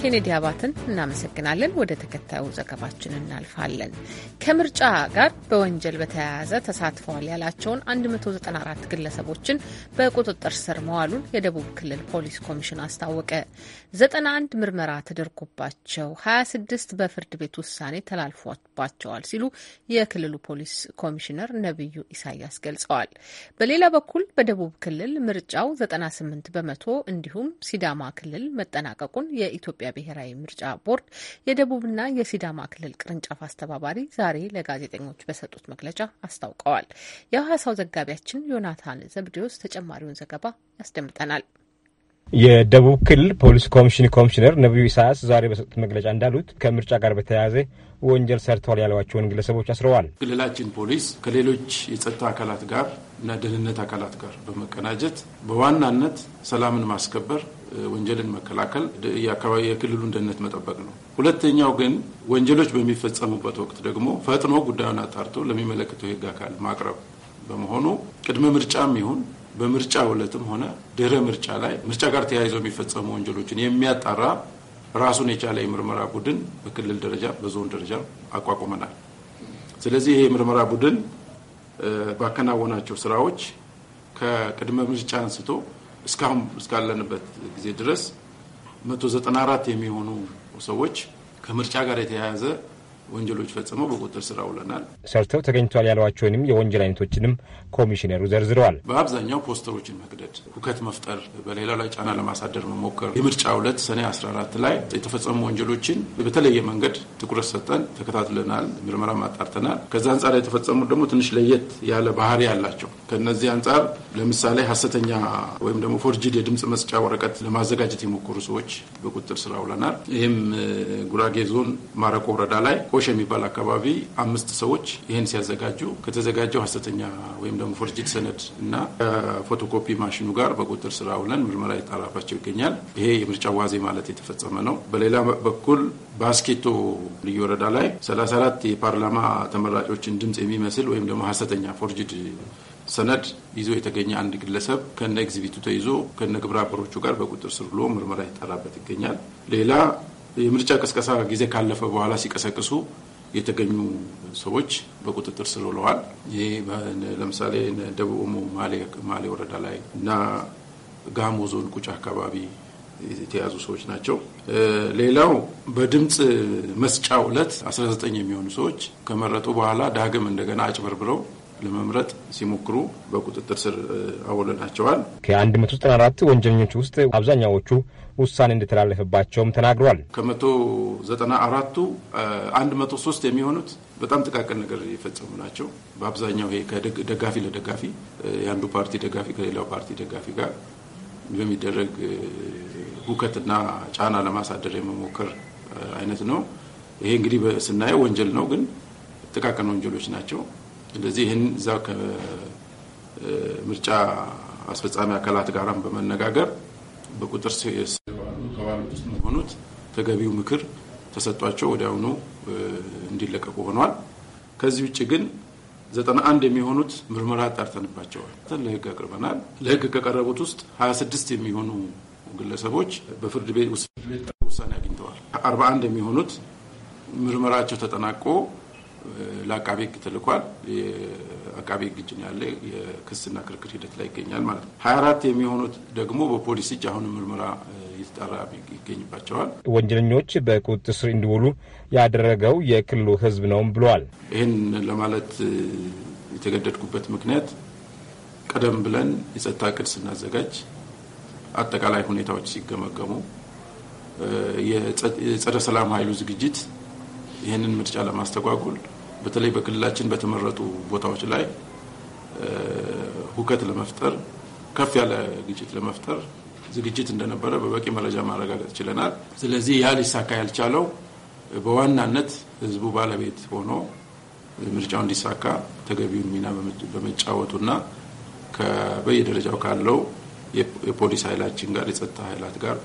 ኬኔዲ አባትን እናመሰግናለን። ወደ ተከታዩ ዘገባችን እናልፋለን። ከምርጫ ጋር በወንጀል በተያያዘ ተሳትፈዋል ያላቸውን 194 ግለሰቦችን በቁጥጥር ስር መዋሉን የደቡብ ክልል ፖሊስ ኮሚሽን አስታወቀ። 91 ምርመራ ተደርጎባቸው 26 በፍርድ ቤት ውሳኔ ተላልፎባቸዋል ሲሉ የክልሉ ፖሊስ ኮሚሽነር ነቢዩ ኢሳያስ ገልጸዋል። በሌላ በኩል በደቡብ ክልል ምርጫው 98 በመቶ እንዲሁም ሲዳማ ክልል መጠናቀቁን የኢትዮጵያ ብሔራዊ ምርጫ ቦርድ የደቡብና የሲዳማ ክልል ቅርንጫፍ አስተባባሪ ዛሬ ለጋዜጠኞች በሰጡት መግለጫ አስታውቀዋል። የሐዋሳው ዘጋቢያችን ዮናታን ዘብዴዎስ ተጨማሪውን ዘገባ ያስደምጠናል። የደቡብ ክልል ፖሊስ ኮሚሽን ኮሚሽነር ነቢዩ ኢሳያስ ዛሬ በሰጡት መግለጫ እንዳሉት ከምርጫ ጋር በተያያዘ ወንጀል ሰርተዋል ያሏቸውን ግለሰቦች አስረዋል። ክልላችን ፖሊስ ከሌሎች የጸጥታ አካላት ጋር እና ደህንነት አካላት ጋር በመቀናጀት በዋናነት ሰላምን ማስከበር ወንጀልን መከላከል የአካባቢ የክልሉን ደህንነት መጠበቅ ነው። ሁለተኛው ግን ወንጀሎች በሚፈጸሙበት ወቅት ደግሞ ፈጥኖ ጉዳዩን አጣርቶ ለሚመለከተው የህግ አካል ማቅረብ በመሆኑ ቅድመ ምርጫም ይሁን በምርጫ ዕለትም ሆነ ድህረ ምርጫ ላይ ምርጫ ጋር ተያይዘው የሚፈጸሙ ወንጀሎችን የሚያጣራ ራሱን የቻለ የምርመራ ቡድን በክልል ደረጃ በዞን ደረጃ አቋቁመናል። ስለዚህ ይህ የምርመራ ቡድን ባከናወናቸው ስራዎች ከቅድመ ምርጫ አንስቶ እስካሁን እስካለንበት ጊዜ ድረስ 194 የሚሆኑ ሰዎች ከምርጫ ጋር የተያያዘ ወንጀሎች ፈጽመው በቁጥጥር ስር አውለናል። ሰርተው ተገኝቷል ያሏቸውንም የወንጀል አይነቶችንም ኮሚሽነሩ ዘርዝረዋል። በአብዛኛው ፖስተሮችን መቅደድ፣ ሁከት መፍጠር፣ በሌላው ላይ ጫና ለማሳደር መሞከር፣ የምርጫ ዕለት ሰኔ 14 ላይ የተፈጸሙ ወንጀሎችን በተለየ መንገድ ትኩረት ሰጠን ተከታትለናል፣ ምርመራ ማጣርተናል። ከዛ አንጻር የተፈጸሙ ደግሞ ትንሽ ለየት ያለ ባህሪ ያላቸው ከነዚህ አንጻር ለምሳሌ ሀሰተኛ ወይም ደግሞ ፎርጅድ የድምፅ መስጫ ወረቀት ለማዘጋጀት የሞከሩ ሰዎች በቁጥጥር ስር አውለናል። ይህም ጉራጌ ዞን ማረቆ ወረዳ ላይ ቆሽ የሚባል አካባቢ አምስት ሰዎች ይህን ሲያዘጋጁ ከተዘጋጀው ሀሰተኛ ወይም ደግሞ ፎርጅድ ሰነድ እና ከፎቶኮፒ ማሽኑ ጋር በቁጥር ስራ ውለን ምርመራ የጣራባቸው ይገኛል። ይሄ የምርጫ ዋዜ ማለት የተፈጸመ ነው። በሌላ በኩል ባስኬቶ ልዩ ወረዳ ላይ 34 የፓርላማ ተመራጮችን ድምፅ የሚመስል ወይም ደግሞ ሀሰተኛ ፎርጅድ ሰነድ ይዞ የተገኘ አንድ ግለሰብ ከነ ኤግዚቢቱ ተይዞ ከነ ግብረ አበሮቹ ጋር በቁጥር ስር ውሎ ምርመራ ይጣራበት ይገኛል። ሌላ የምርጫ ቅስቀሳ ጊዜ ካለፈ በኋላ ሲቀሰቅሱ የተገኙ ሰዎች በቁጥጥር ስር ውለዋል። ይህ ለምሳሌ ደቡብ ኦሞ ማሌ ወረዳ ላይ እና ጋሞ ዞን ቁጭ አካባቢ የተያዙ ሰዎች ናቸው። ሌላው በድምፅ መስጫው ዕለት 19 የሚሆኑ ሰዎች ከመረጡ በኋላ ዳግም እንደገና አጭበርብረው ለመምረጥ ሲሞክሩ በቁጥጥር ስር አውለናቸዋል። ከ194 ወንጀለኞች ውስጥ አብዛኛዎቹ ውሳኔ እንደተላለፈባቸውም ተናግሯል። ከ194ቱ ሶስት የሚሆኑት በጣም ጥቃቅን ነገር የፈጸሙ ናቸው። በአብዛኛው ይሄ ከደጋፊ ለደጋፊ የአንዱ ፓርቲ ደጋፊ ከሌላው ፓርቲ ደጋፊ ጋር በሚደረግ ሁከትና ጫና ለማሳደር የመሞከር አይነት ነው። ይሄ እንግዲህ ስናየው ወንጀል ነው፣ ግን ጥቃቅን ወንጀሎች ናቸው። ስለዚህ ይህን እዛ ከምርጫ አስፈጻሚ አካላት ጋራም በመነጋገር በቁጥር ተባሉት ውስጥ መሆኑት ተገቢው ምክር ተሰጧቸው ወዲያውኑ እንዲለቀቁ ሆኗል። ከዚህ ውጭ ግን ዘጠና አንድ የሚሆኑት ምርመራ አጣርተንባቸዋል፣ ለህግ አቅርበናል። ለህግ ከቀረቡት ውስጥ ስድስት የሚሆኑ ግለሰቦች በፍርድ ቤት ውሳኔ አግኝተዋል። አንድ የሚሆኑት ምርመራቸው ተጠናቆ ለአቃቤ ሕግ ተልኳል። አቃቤ ሕግ ያለ የክስና ክርክር ሂደት ላይ ይገኛል ማለት ነው። ሀያ አራት የሚሆኑት ደግሞ በፖሊስ እጅ አሁን ምርመራ እየተጠራ ይገኝባቸዋል። ወንጀለኞች በቁጥጥር ስር እንዲውሉ ያደረገው የክልሉ ህዝብ ነውም ብለዋል። ይህን ለማለት የተገደድኩበት ምክንያት ቀደም ብለን የጸጥታ እቅድ ስናዘጋጅ አጠቃላይ ሁኔታዎች ሲገመገሙ የጸረ ሰላም ኃይሉ ዝግጅት ይህንን ምርጫ ለማስተጓጎል በተለይ በክልላችን በተመረጡ ቦታዎች ላይ ሁከት ለመፍጠር ከፍ ያለ ግጭት ለመፍጠር ዝግጅት እንደነበረ በበቂ መረጃ ማረጋገጥ ችለናል። ስለዚህ ያ ሊሳካ ያልቻለው በዋናነት ህዝቡ ባለቤት ሆኖ ምርጫው እንዲሳካ ተገቢውን ሚና በመጫወቱና በየደረጃው ካለው የፖሊስ ኃይላችን ጋር የጸጥታ ኃይላት ጋር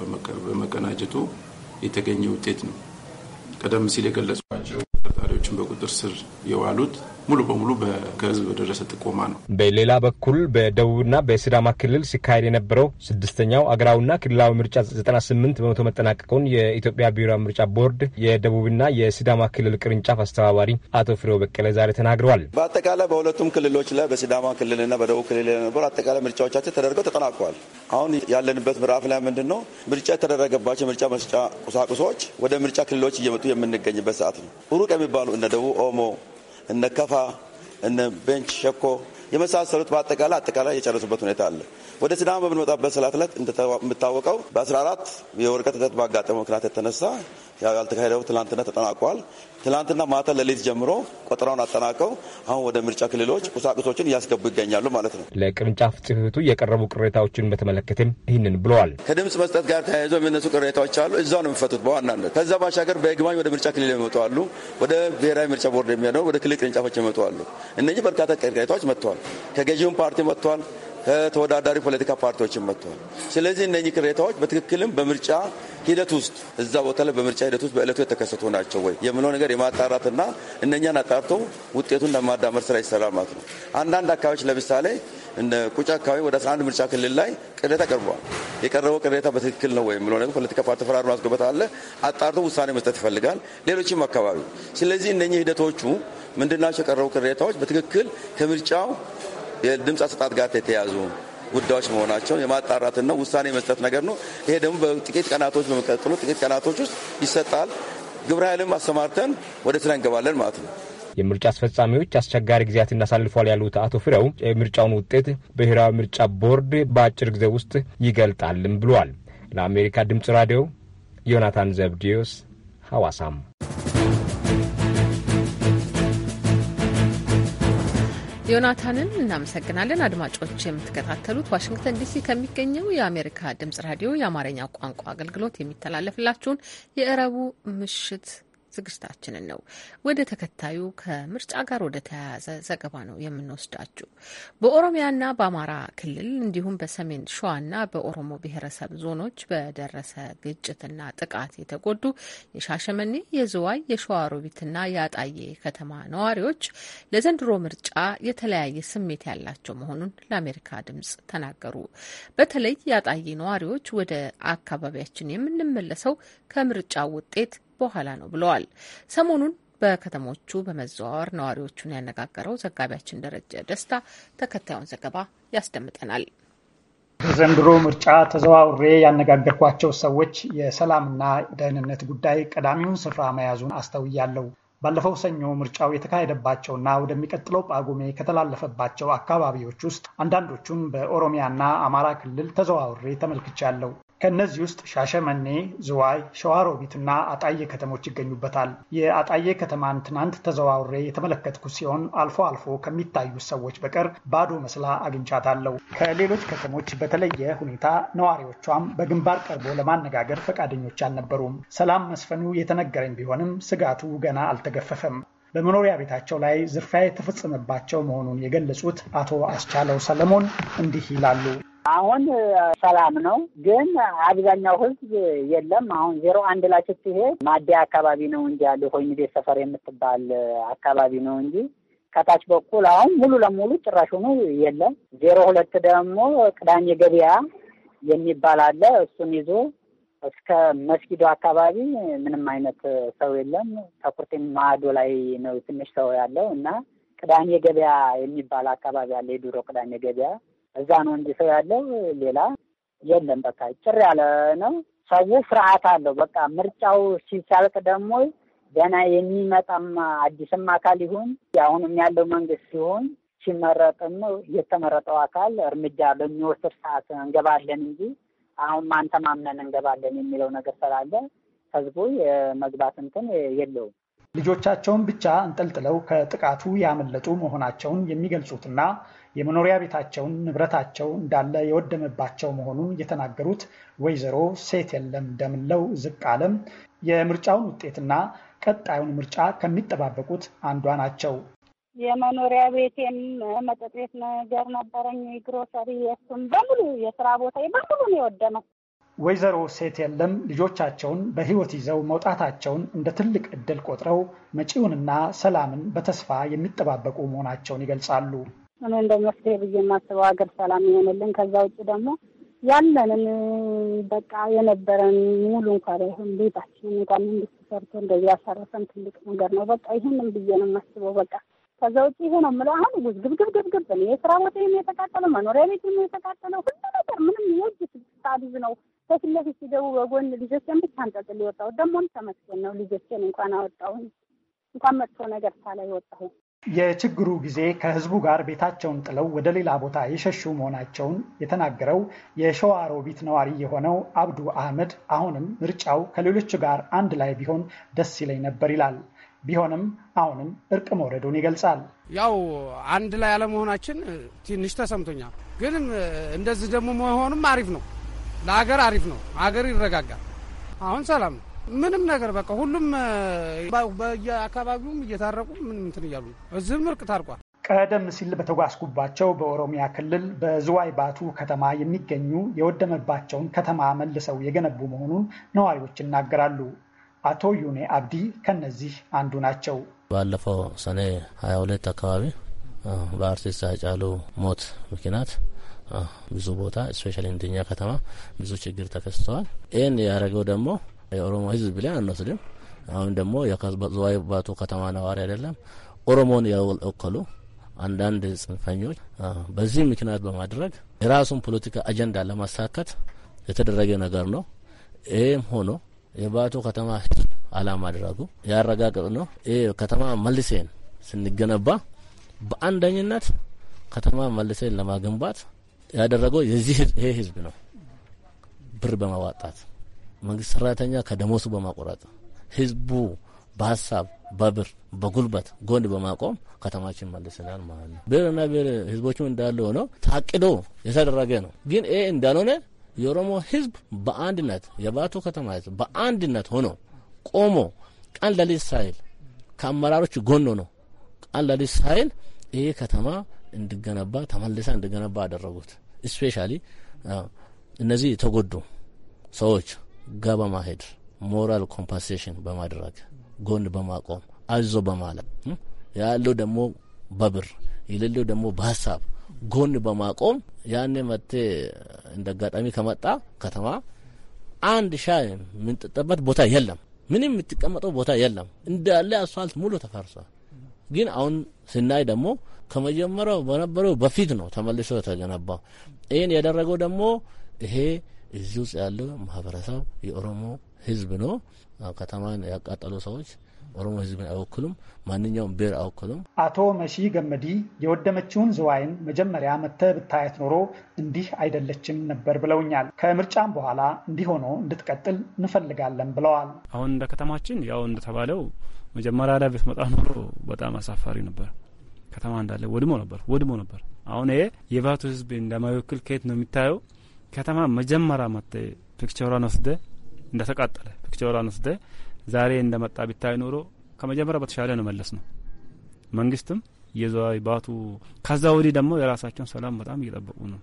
በመቀናጀቱ የተገኘ ውጤት ነው። ቀደም ሲል የገለጽኳቸው ሰዎችን በቁጥር ስር የዋሉት ሙሉ በሙሉ ከህዝብ በደረሰ ጥቆማ ነው። በሌላ በኩል በደቡብና በሲዳማ ክልል ሲካሄድ የነበረው ስድስተኛው አገራዊና ክልላዊ ምርጫ 98 በመቶ መጠናቀቁን የኢትዮጵያ ብሔራዊ ምርጫ ቦርድ የደቡብና የሲዳማ ክልል ቅርንጫፍ አስተባባሪ አቶ ፍሬው በቀለ ዛሬ ተናግረዋል። በአጠቃላይ በሁለቱም ክልሎች ላይ በሲዳማ ክልልና በደቡብ ክልል የነበሩ አጠቃላይ ምርጫዎቻችን ተደርገው ተጠናቀዋል። አሁን ያለንበት ምዕራፍ ላይ ምንድን ነው ምርጫ የተደረገባቸው ምርጫ መስጫ ቁሳቁሶች ወደ ምርጫ ክልሎች እየመጡ የምንገኝበት ሰዓት ነው። ሩቅ የሚባሉ እነ ደቡብ ኦሞ፣ እነ ከፋ፣ እነ ቤንች ሸኮ የመሳሰሉት በአጠቃላይ አጠቃላይ የጨረሱበት ሁኔታ አለ። ወደ ሲዳማ በምንመጣበት ስላት ዕለት እንደምታወቀው በ14 የወረቀት እጥረት ባጋጠመው ምክንያት የተነሳ ያልተካሄደው ትናንትና ተጠናቋል። ትላንትና ማታ ሌሊት ጀምሮ ቆጠራውን አጠናቀው አሁን ወደ ምርጫ ክልሎች ቁሳቁሶችን እያስገቡ ይገኛሉ ማለት ነው። ለቅርንጫፍ ጽህፈቱ የቀረቡ ቅሬታዎችን በተመለከተም ይህንን ብለዋል። ከድምፅ መስጠት ጋር ተያይዞ የሚነሱ ቅሬታዎች አሉ። እዛው ነው የሚፈቱት በዋናነት። ከዛ ባሻገር በግማኝ ወደ ምርጫ ክልል የሚመጡ አሉ። ወደ ብሔራዊ ምርጫ ቦርድ የሚሄደው ወደ ክልል ቅርንጫፎች የሚመጡ አሉ። እነዚህ በርካታ ቅሬታዎች መጥተዋል። ከገዢውም ፓርቲ መጥተዋል። ከተወዳዳሪ ፖለቲካ ፓርቲዎችን መጥተዋል። ስለዚህ እነዚህ ቅሬታዎች በትክክልም በምርጫ ሂደት ውስጥ እዛ ቦታ ላይ በምርጫ ሂደት ውስጥ በእለቱ የተከሰቱ ናቸው ወይ የምለው ነገር የማጣራትና እነኛን አጣርቶ ውጤቱን ለማዳመር ስራ ይሰራል ማለት ነው። አንዳንድ አካባቢዎች ለምሳሌ እንደ ቁጭ አካባቢ ወደ 11 ምርጫ ክልል ላይ ቅሬታ ቀርቧል። የቀረበው ቅሬታ በትክክል ነው ወይም ነገር ፖለቲካ ፓርቲ ፈራር ማስገባት አለ አጣርቶ ውሳኔ መስጠት ይፈልጋል። ሌሎችም አካባቢ ስለዚህ እነኚህ ሂደቶቹ ምንድናቸው? የቀረቡ ቅሬታዎች በትክክል ከምርጫው የድምፅ አሰጣጥ ጋር የተያዙ ጉዳዮች መሆናቸውን የማጣራትና ውሳኔ መስጠት ነገር ነው። ይሄ ደግሞ በጥቂት ቀናቶች በሚቀጥሉ ጥቂት ቀናቶች ውስጥ ይሰጣል። ግብረ ኃይልም አሰማርተን ወደ ስራ እንገባለን ማለት ነው። የምርጫ አስፈጻሚዎች አስቸጋሪ ጊዜያት እናሳልፏል ያሉት አቶ ፍሬው የምርጫውን ውጤት ብሔራዊ ምርጫ ቦርድ በአጭር ጊዜ ውስጥ ይገልጣልም ብሏል። ለአሜሪካ ድምጽ ራዲዮ ዮናታን ዘብዲዮስ ሐዋሳም ዮናታንን እናመሰግናለን። አድማጮች የምትከታተሉት ዋሽንግተን ዲሲ ከሚገኘው የአሜሪካ ድምጽ ራዲዮ የአማርኛ ቋንቋ አገልግሎት የሚተላለፍላችሁን የእረቡ ምሽት ዝግጅታችንን ነው። ወደ ተከታዩ ከምርጫ ጋር ወደ ተያያዘ ዘገባ ነው የምንወስዳችሁ። በኦሮሚያና በአማራ ክልል እንዲሁም በሰሜን ሸዋና በኦሮሞ ብሔረሰብ ዞኖች በደረሰ ግጭትና ጥቃት የተጎዱ የሻሸመኔ፣ የዝዋይ፣ የሸዋሮቢትና የአጣዬ ከተማ ነዋሪዎች ለዘንድሮ ምርጫ የተለያየ ስሜት ያላቸው መሆኑን ለአሜሪካ ድምጽ ተናገሩ። በተለይ የአጣዬ ነዋሪዎች ወደ አካባቢያችን የምንመለሰው ከምርጫ ውጤት በኋላ ነው ብለዋል። ሰሞኑን በከተሞቹ በመዘዋወር ነዋሪዎቹን ያነጋገረው ዘጋቢያችን ደረጀ ደስታ ተከታዩን ዘገባ ያስደምጠናል። ዘንድሮ ምርጫ ተዘዋውሬ ያነጋገርኳቸው ሰዎች የሰላምና ደህንነት ጉዳይ ቀዳሚውን ስፍራ መያዙን አስተውያለሁ። ባለፈው ሰኞ ምርጫው የተካሄደባቸውና ወደሚቀጥለው ጳጉሜ ከተላለፈባቸው አካባቢዎች ውስጥ አንዳንዶቹን በኦሮሚያና አማራ ክልል ተዘዋውሬ ተመልክቻለሁ። ከእነዚህ ውስጥ ሻሸመኔ፣ ዝዋይ፣ ሸዋሮቢት እና አጣዬ ከተሞች ይገኙበታል። የአጣዬ ከተማን ትናንት ተዘዋውሬ የተመለከትኩ ሲሆን አልፎ አልፎ ከሚታዩት ሰዎች በቀር ባዶ መስላ አግኝቻታለሁ። ከሌሎች ከተሞች በተለየ ሁኔታ ነዋሪዎቿም በግንባር ቀርቦ ለማነጋገር ፈቃደኞች አልነበሩም። ሰላም መስፈኑ የተነገረኝ ቢሆንም ስጋቱ ገና አልተገፈፈም። በመኖሪያ ቤታቸው ላይ ዝርፊያ የተፈጸመባቸው መሆኑን የገለጹት አቶ አስቻለው ሰለሞን እንዲህ ይላሉ። አሁን ሰላም ነው፣ ግን አብዛኛው ህዝብ የለም። አሁን ዜሮ አንድ ላይ ስትሄድ ማደያ አካባቢ ነው እንጂ ያለ ሆይን ቤት ሰፈር የምትባል አካባቢ ነው እንጂ ከታች በኩል አሁን ሙሉ ለሙሉ ጭራሽ ሆኖ የለም። ዜሮ ሁለት ደግሞ ቅዳሜ ገበያ የሚባል አለ። እሱን ይዞ እስከ መስጊዱ አካባቢ ምንም አይነት ሰው የለም። ከቁርጤ ማዶ ላይ ነው ትንሽ ሰው ያለው እና ቅዳሜ ገበያ የሚባል አካባቢ አለ። የድሮ ቅዳሜ ገበያ እዛ ነው እንዲህ ሰው ያለው ሌላ የለም። በቃ ጭር ያለ ነው። ሰው ፍርሃት አለው። በቃ ምርጫው ሲሳልቅ ደግሞ ገና የሚመጣም አዲስም አካል ይሁን አሁንም ያለው መንግስት ሲሆን ሲመረጥም የተመረጠው አካል እርምጃ በሚወስድ ሰዓት እንገባለን እንጂ አሁን ማን ተማምነን እንገባለን የሚለው ነገር ስላለ ህዝቡ የመግባት እንትን የለውም። ልጆቻቸውን ብቻ እንጠልጥለው ከጥቃቱ ያመለጡ መሆናቸውን የሚገልጹትና የመኖሪያ ቤታቸውን ንብረታቸው እንዳለ የወደመባቸው መሆኑን የተናገሩት ወይዘሮ ሴት የለም ደምለው ዝቅ አለም የምርጫውን ውጤትና ቀጣዩን ምርጫ ከሚጠባበቁት አንዷ ናቸው። የመኖሪያ ቤቴም መጠጥ ቤት ነገር ነበረኝ፣ ግሮሰሪ፣ የሱም በሙሉ የስራ ቦታ በሙሉ ነው የወደመው። ወይዘሮ ሴት የለም ልጆቻቸውን በህይወት ይዘው መውጣታቸውን እንደ ትልቅ እድል ቆጥረው መጪውንና ሰላምን በተስፋ የሚጠባበቁ መሆናቸውን ይገልጻሉ። እኔ እንደ መፍትሄ ብዬ የማስበው ሀገር ሰላም ይሆንልን። ከዛ ውጭ ደግሞ ያለንን በቃ የነበረን ሙሉ እንኳን ይሁን ቤታችን እንኳን መንግስት ሰርቶ እንደዚህ ያሳረፈን ትልቅ ነገር ነው። በቃ ይህንም ብዬ ነው የማስበው። በቃ ከዛ ውጭ ይሄ ነው የምለው። አሁን ግብግብግብግብ ነው የስራ ቦታ የተቃጠለው፣ መኖሪያ ቤት የተቃጠለው፣ ሁሉ ነገር ምንም የእጅ ስታቢዝ ነው። ከፊት ለፊት ሲገቡ በጎን ልጆችን ብቻ አንጠጥል ሊወጣው ደግሞም ተመስገን ነው። ልጆችን እንኳን አወጣሁኝ እንኳን መጥፎ ነገር ሳላይ ወጣሁ። የችግሩ ጊዜ ከህዝቡ ጋር ቤታቸውን ጥለው ወደ ሌላ ቦታ የሸሹ መሆናቸውን የተናገረው የሸዋሮቢት ነዋሪ የሆነው አብዱ አህመድ አሁንም ምርጫው ከሌሎቹ ጋር አንድ ላይ ቢሆን ደስ ይለኝ ነበር ይላል። ቢሆንም አሁንም እርቅ መውረዱን ይገልጻል። ያው አንድ ላይ አለመሆናችን ትንሽ ተሰምቶኛል፣ ግን እንደዚህ ደግሞ መሆኑም አሪፍ ነው። ለሀገር አሪፍ ነው። ሀገር ይረጋጋል። አሁን ሰላም ነው። ምንም ነገር በቃ ሁሉም በየአካባቢውም እየታረቁ ምንም እንትን እያሉ እዚህም እርቅ ታርቋል። ቀደም ሲል በተጓዝኩባቸው በኦሮሚያ ክልል በዝዋይ ባቱ ከተማ የሚገኙ የወደመባቸውን ከተማ መልሰው የገነቡ መሆኑን ነዋሪዎች ይናገራሉ። አቶ ዩኔ አብዲ ከነዚህ አንዱ ናቸው። ባለፈው ሰኔ 22 አካባቢ በአርቲስት ሃጫሉ ሞት ምክንያት ብዙ ቦታ ስፔሻሊ እንደኛ ከተማ ብዙ ችግር ተከስተዋል። ይህን ያደረገው ደግሞ የኦሮሞ ህዝብ ብለን አንወስድም። አሁን ደግሞ የዝዋይ ባቶ ከተማ ነዋሪ አይደለም ኦሮሞን ያወቀሉ አንዳንድ ጽንፈኞች በዚህ ምክንያት በማድረግ የራሱን ፖለቲካ አጀንዳ ለማሳካት የተደረገ ነገር ነው። ይህም ሆኖ የባቶ ከተማ ህዝብ አላማድረጉ አድረጉ ያረጋግጥ ነው። ይህ ከተማ መልሴን ስንገነባ በአንደኝነት ከተማ መልሴን ለማገንባት ያደረገው የዚህ ይሄ ህዝብ ነው ብር በማዋጣት መንግስት ሰራተኛ ከደሞሱ በማቆረጥ ህዝቡ በሀሳብ በብር በጉልበት ጎን በማቆም ከተማችን መልስናል ማለት ነው። ብሔርና ብሔር ህዝቦችም እንዳለ ሆኖ ታቅዶ የተደረገ ነው። ግን ይህ እንዳልሆነ የኦሮሞ ህዝብ በአንድነት የባቱ ከተማ ህዝብ በአንድነት ሆኖ ቆሞ ቀን ለሊት ሳይል ከአመራሮች ጎን ነው ቀን ለሊት ሳይል ይህ ከተማ እንድገነባ ተመልሳ እንድገነባ አደረጉት። ስፔሻሊ እነዚህ የተጎዱ ሰዎች ጋ በማሄድ ሞራል ኮምፐንሴሽን በማድረግ ጎን በማቆም አዞ በማለት ያለው ደግሞ በብር የሌለው ደግሞ በሀሳብ ጎን በማቆም ያኔ መቴ እንደ አጋጣሚ ከመጣ ከተማ አንድ ሻይ የምንጠጣበት ቦታ የለም። ምንም የምትቀመጠው ቦታ የለም። እንዳለ አስፋልት ሙሉ ተፈርሷል። ግን አሁን ስናይ ደግሞ ከመጀመሪያው በነበረው በፊት ነው ተመልሶ የተገነባው። ይህን ያደረገው ደግሞ ይሄ እዚህ ውስጥ ያለ ማህበረሰብ የኦሮሞ ህዝብ ነው። ከተማን ያቃጠሉ ሰዎች ኦሮሞ ህዝብን አይወክሉም፣ ማንኛውም ብሔር አይወክሉም። አቶ መሺ ገመዲ የወደመችውን ዝዋይን መጀመሪያ መጥተህ ብታያት ኖሮ እንዲህ አይደለችም ነበር ብለውኛል። ከምርጫም በኋላ እንዲህ ሆኖ እንድትቀጥል እንፈልጋለን ብለዋል። አሁን እንደ ከተማችን ያው እንደተባለው መጀመሪያ ላይ ብትመጣ ኖሮ በጣም አሳፋሪ ነበር። ከተማ እንዳለ ወድሞ ነበር ወድሞ ነበር። አሁን ይሄ የባቱ ህዝብ እንደማይወክል ከየት ነው የሚታየው? ከተማ መጀመሪያ መጥ ፒክቸሯን ወስደ እንደ ተቃጠለ ፒክቸሯን ወስደ ዛሬ እንደ መጣ ቢታይ ኖሮ ከመጀመሪያ በተሻለ ነው መለስ ነው። መንግስትም የዘዋይ ባቱ ከዛ ወዲህ ደግሞ የራሳቸውን ሰላም በጣም እየጠበቁ ነው።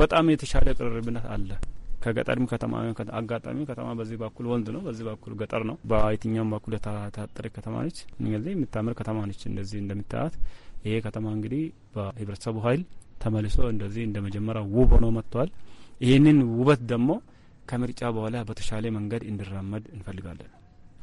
በጣም የተሻለ ቅርርብነት አለ። ከገጠርም ከተማ አጋጣሚ ከተማ በዚህ በኩል ወንዝ ነው፣ በዚህ በኩል ገጠር ነው። በየትኛውም በኩል የታጠረ ከተማ ነች። እንግዲህ የምታምር ከተማ ነች። እንደዚህ እንደምታያት ይሄ ከተማ እንግዲህ በህብረተሰቡ ኃይል ተመልሶ እንደዚህ እንደ መጀመሪያ ውብ ሆኖ መጥቷል። ይህንን ውበት ደግሞ ከምርጫ በኋላ በተሻለ መንገድ እንዲራመድ እንፈልጋለን።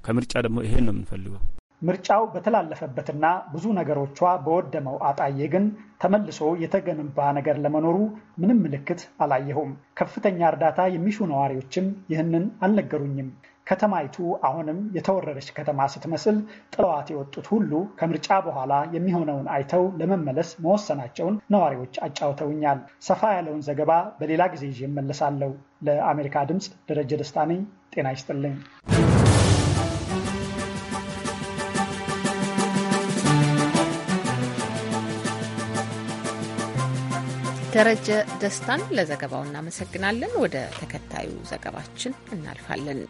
ከምርጫ ደግሞ ይሄን ነው የምንፈልገው። ምርጫው በተላለፈበትና ብዙ ነገሮቿ በወደመው አጣዬ ግን ተመልሶ የተገነባ ነገር ለመኖሩ ምንም ምልክት አላየሁም። ከፍተኛ እርዳታ የሚሹ ነዋሪዎችም ይህንን አልነገሩኝም። ከተማይቱ አሁንም የተወረረች ከተማ ስትመስል ጥለዋት የወጡት ሁሉ ከምርጫ በኋላ የሚሆነውን አይተው ለመመለስ መወሰናቸውን ነዋሪዎች አጫውተውኛል። ሰፋ ያለውን ዘገባ በሌላ ጊዜ ይዤ እመለሳለሁ። ለአሜሪካ ድምፅ ደረጀ ደስታ ነኝ። ጤና ይስጥልኝ። ደረጀ ደስታን ለዘገባው እናመሰግናለን። ወደ ተከታዩ ዘገባችን እናልፋለን።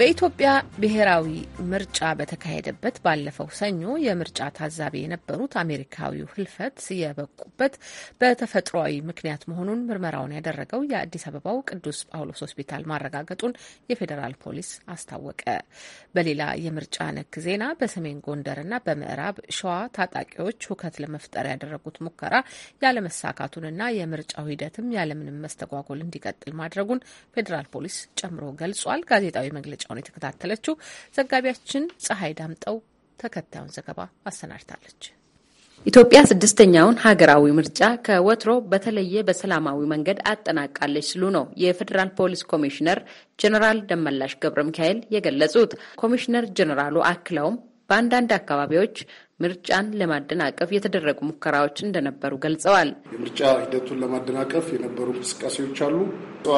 በኢትዮጵያ ብሔራዊ ምርጫ በተካሄደበት ባለፈው ሰኞ የምርጫ ታዛቢ የነበሩት አሜሪካዊው ህልፈት የበቁበት በተፈጥሯዊ ምክንያት መሆኑን ምርመራውን ያደረገው የአዲስ አበባው ቅዱስ ጳውሎስ ሆስፒታል ማረጋገጡን የፌዴራል ፖሊስ አስታወቀ። በሌላ የምርጫ ነክ ዜና በሰሜን ጎንደርና በምዕራብ ሸዋ ታጣቂዎች ሁከት ለመፍጠር ያደረጉት ሙከራ ያለመሳካቱንና የምርጫው ሂደትም ያለምንም መስተጓጎል እንዲቀጥል ማድረጉን ፌዴራል ፖሊስ ጨምሮ ገልጿል። ጋዜጣዊ መግለጫ መግለጫውን የተከታተለችው ዘጋቢያችን ፀሐይ ዳምጠው ተከታዩን ዘገባ አሰናድታለች። ኢትዮጵያ ስድስተኛውን ሀገራዊ ምርጫ ከወትሮ በተለየ በሰላማዊ መንገድ አጠናቃለች ሲሉ ነው የፌዴራል ፖሊስ ኮሚሽነር ጀኔራል ደመላሽ ገብረ ሚካኤል የገለጹት። ኮሚሽነር ጀኔራሉ አክለውም በአንዳንድ አካባቢዎች ምርጫን ለማደናቀፍ የተደረጉ ሙከራዎች እንደነበሩ ገልጸዋል። የምርጫ ሂደቱን ለማደናቀፍ የነበሩ እንቅስቃሴዎች አሉ።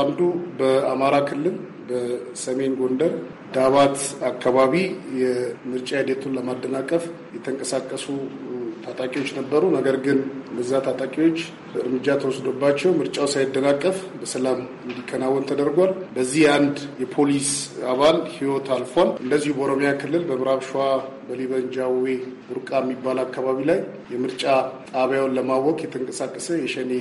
አንዱ በአማራ ክልል በሰሜን ጎንደር ዳባት አካባቢ የምርጫ ሂደቱን ለማደናቀፍ የተንቀሳቀሱ ታጣቂዎች ነበሩ። ነገር ግን እነዛ ታጣቂዎች እርምጃ ተወስዶባቸው ምርጫው ሳይደናቀፍ በሰላም እንዲከናወን ተደርጓል። በዚህ አንድ የፖሊስ አባል ሕይወት አልፏል። እንደዚሁ በኦሮሚያ ክልል በምዕራብ ሸዋ በሊበንጃዌ ቡርቃ የሚባል አካባቢ ላይ የምርጫ ጣቢያውን ለማወቅ የተንቀሳቀሰ የሸኔ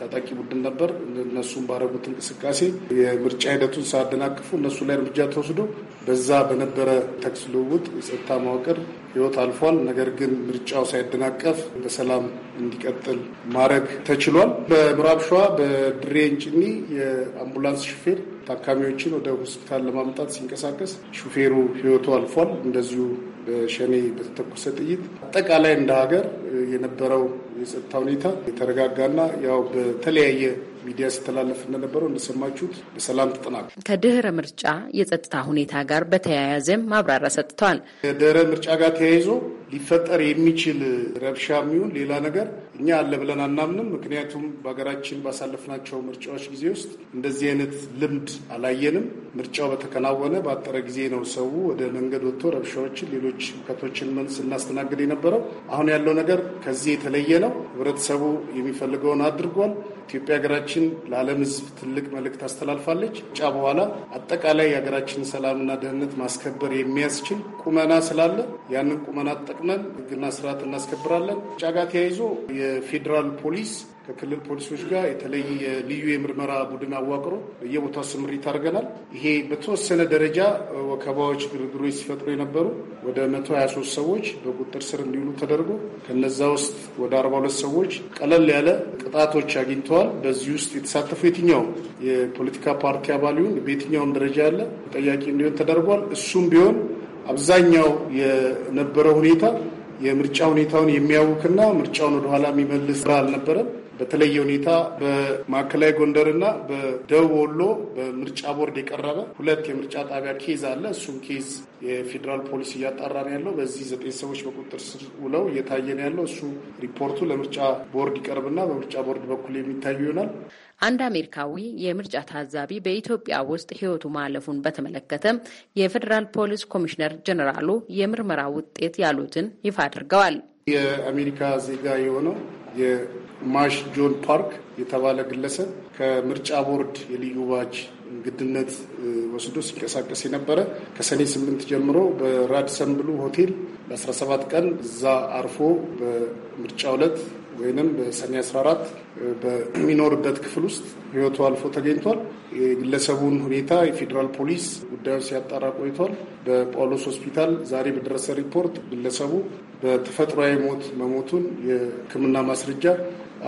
ታጣቂ ቡድን ነበር። እነሱም ባረጉት እንቅስቃሴ የምርጫ ሂደቱን ሳያደናቅፉ እነሱ ላይ እርምጃ ተወስዶ በዛ በነበረ ተኩስ ልውውጥ የጸጥታ መዋቅር ህይወት አልፏል። ነገር ግን ምርጫው ሳይደናቀፍ በሰላም እንዲቀጥል ማድረግ ተችሏል። በምዕራብ ሸዋ በድሬ እንጭኒ የአምቡላንስ ሹፌር ታካሚዎችን ወደ ሆስፒታል ለማምጣት ሲንቀሳቀስ ሹፌሩ ህይወቱ አልፏል። እንደዚሁ በሸኔ በተተኮሰ ጥይት አጠቃላይ እንደ ሀገር የነበረው የጸጥታ ሁኔታ የተረጋጋና ያው በተለያየ ሚዲያ ሲተላለፍ እንደነበረው እንደሰማችሁት በሰላም ተጠናቁ። ከድህረ ምርጫ የጸጥታ ሁኔታ ጋር በተያያዘም ማብራሪያ ሰጥተዋል። ከድህረ ምርጫ ጋር ተያይዞ ሊፈጠር የሚችል ረብሻ የሚሆን ሌላ ነገር እኛ አለ ብለን አናምንም። ምክንያቱም በሀገራችን ባሳለፍናቸው ምርጫዎች ጊዜ ውስጥ እንደዚህ አይነት ልምድ አላየንም። ምርጫው በተከናወነ በአጠረ ጊዜ ነው ሰው ወደ መንገድ ወጥቶ ረብሻዎችን፣ ሌሎች ሁከቶችን ምን ስናስተናግድ የነበረው። አሁን ያለው ነገር ከዚህ የተለየ ነው። ህብረተሰቡ የሚፈልገውን አድርጓል። ኢትዮጵያ ሀገራችን ለዓለም ሕዝብ ትልቅ መልእክት አስተላልፋለች። ጫ በኋላ አጠቃላይ የሀገራችን ሰላምና ደህንነት ማስከበር የሚያስችል ቁመና ስላለ ያንን ቁመና ጠቅመን ሕግና ስርዓት እናስከብራለን። ጫ ጋር ተያይዞ የፌዴራል ፖሊስ ከክልል ፖሊሶች ጋር የተለየ ልዩ የምርመራ ቡድን አዋቅሮ በየቦታው ስምሪት አድርገናል። ይሄ በተወሰነ ደረጃ ወከባዎች፣ ግርግሮች ሲፈጥሩ የነበሩ ወደ 123 ሰዎች በቁጥር ስር እንዲውሉ ተደርጎ ከነዛ ውስጥ ወደ 42 ሰዎች ቀለል ያለ ቅጣቶች አግኝተዋል። በዚህ ውስጥ የተሳተፉ የትኛው የፖለቲካ ፓርቲ አባል ይሁን በየትኛውም ደረጃ ያለ ተጠያቂ እንዲሆን ተደርጓል። እሱም ቢሆን አብዛኛው የነበረው ሁኔታ የምርጫ ሁኔታውን የሚያውክና ምርጫውን ወደኋላ የሚመልስ ስራ አልነበረም። በተለየ ሁኔታ በማዕከላዊ ጎንደርና በደቡብ ወሎ በምርጫ ቦርድ የቀረበ ሁለት የምርጫ ጣቢያ ኬዝ አለ። እሱም ኬዝ የፌዴራል ፖሊስ እያጣራ ነው ያለው። በዚህ ዘጠኝ ሰዎች በቁጥር ስር ውለው እየታየ ነው ያለው። እሱ ሪፖርቱ ለምርጫ ቦርድ ይቀርብና በምርጫ ቦርድ በኩል የሚታዩ ይሆናል። አንድ አሜሪካዊ የምርጫ ታዛቢ በኢትዮጵያ ውስጥ ሕይወቱ ማለፉን በተመለከተ የፌዴራል ፖሊስ ኮሚሽነር ጀኔራሉ የምርመራ ውጤት ያሉትን ይፋ አድርገዋል። የአሜሪካ ዜጋ የሆነው የማሽ ጆን ፓርክ የተባለ ግለሰብ ከምርጫ ቦርድ የልዩ ባጅ ግድነት ወስዶ ሲንቀሳቀስ የነበረ ከሰኔ ስምንት ጀምሮ በራድሰን ብሉ ሆቴል ለ17 ቀን እዛ አርፎ በምርጫ ዕለት ወይም በሰኔ 14 በሚኖርበት ክፍል ውስጥ ህይወቱ አልፎ ተገኝቷል። የግለሰቡን ሁኔታ የፌዴራል ፖሊስ ጉዳዩን ሲያጣራ ቆይቷል። በጳውሎስ ሆስፒታል ዛሬ በደረሰ ሪፖርት ግለሰቡ በተፈጥሯዊ ሞት መሞቱን የሕክምና ማስረጃ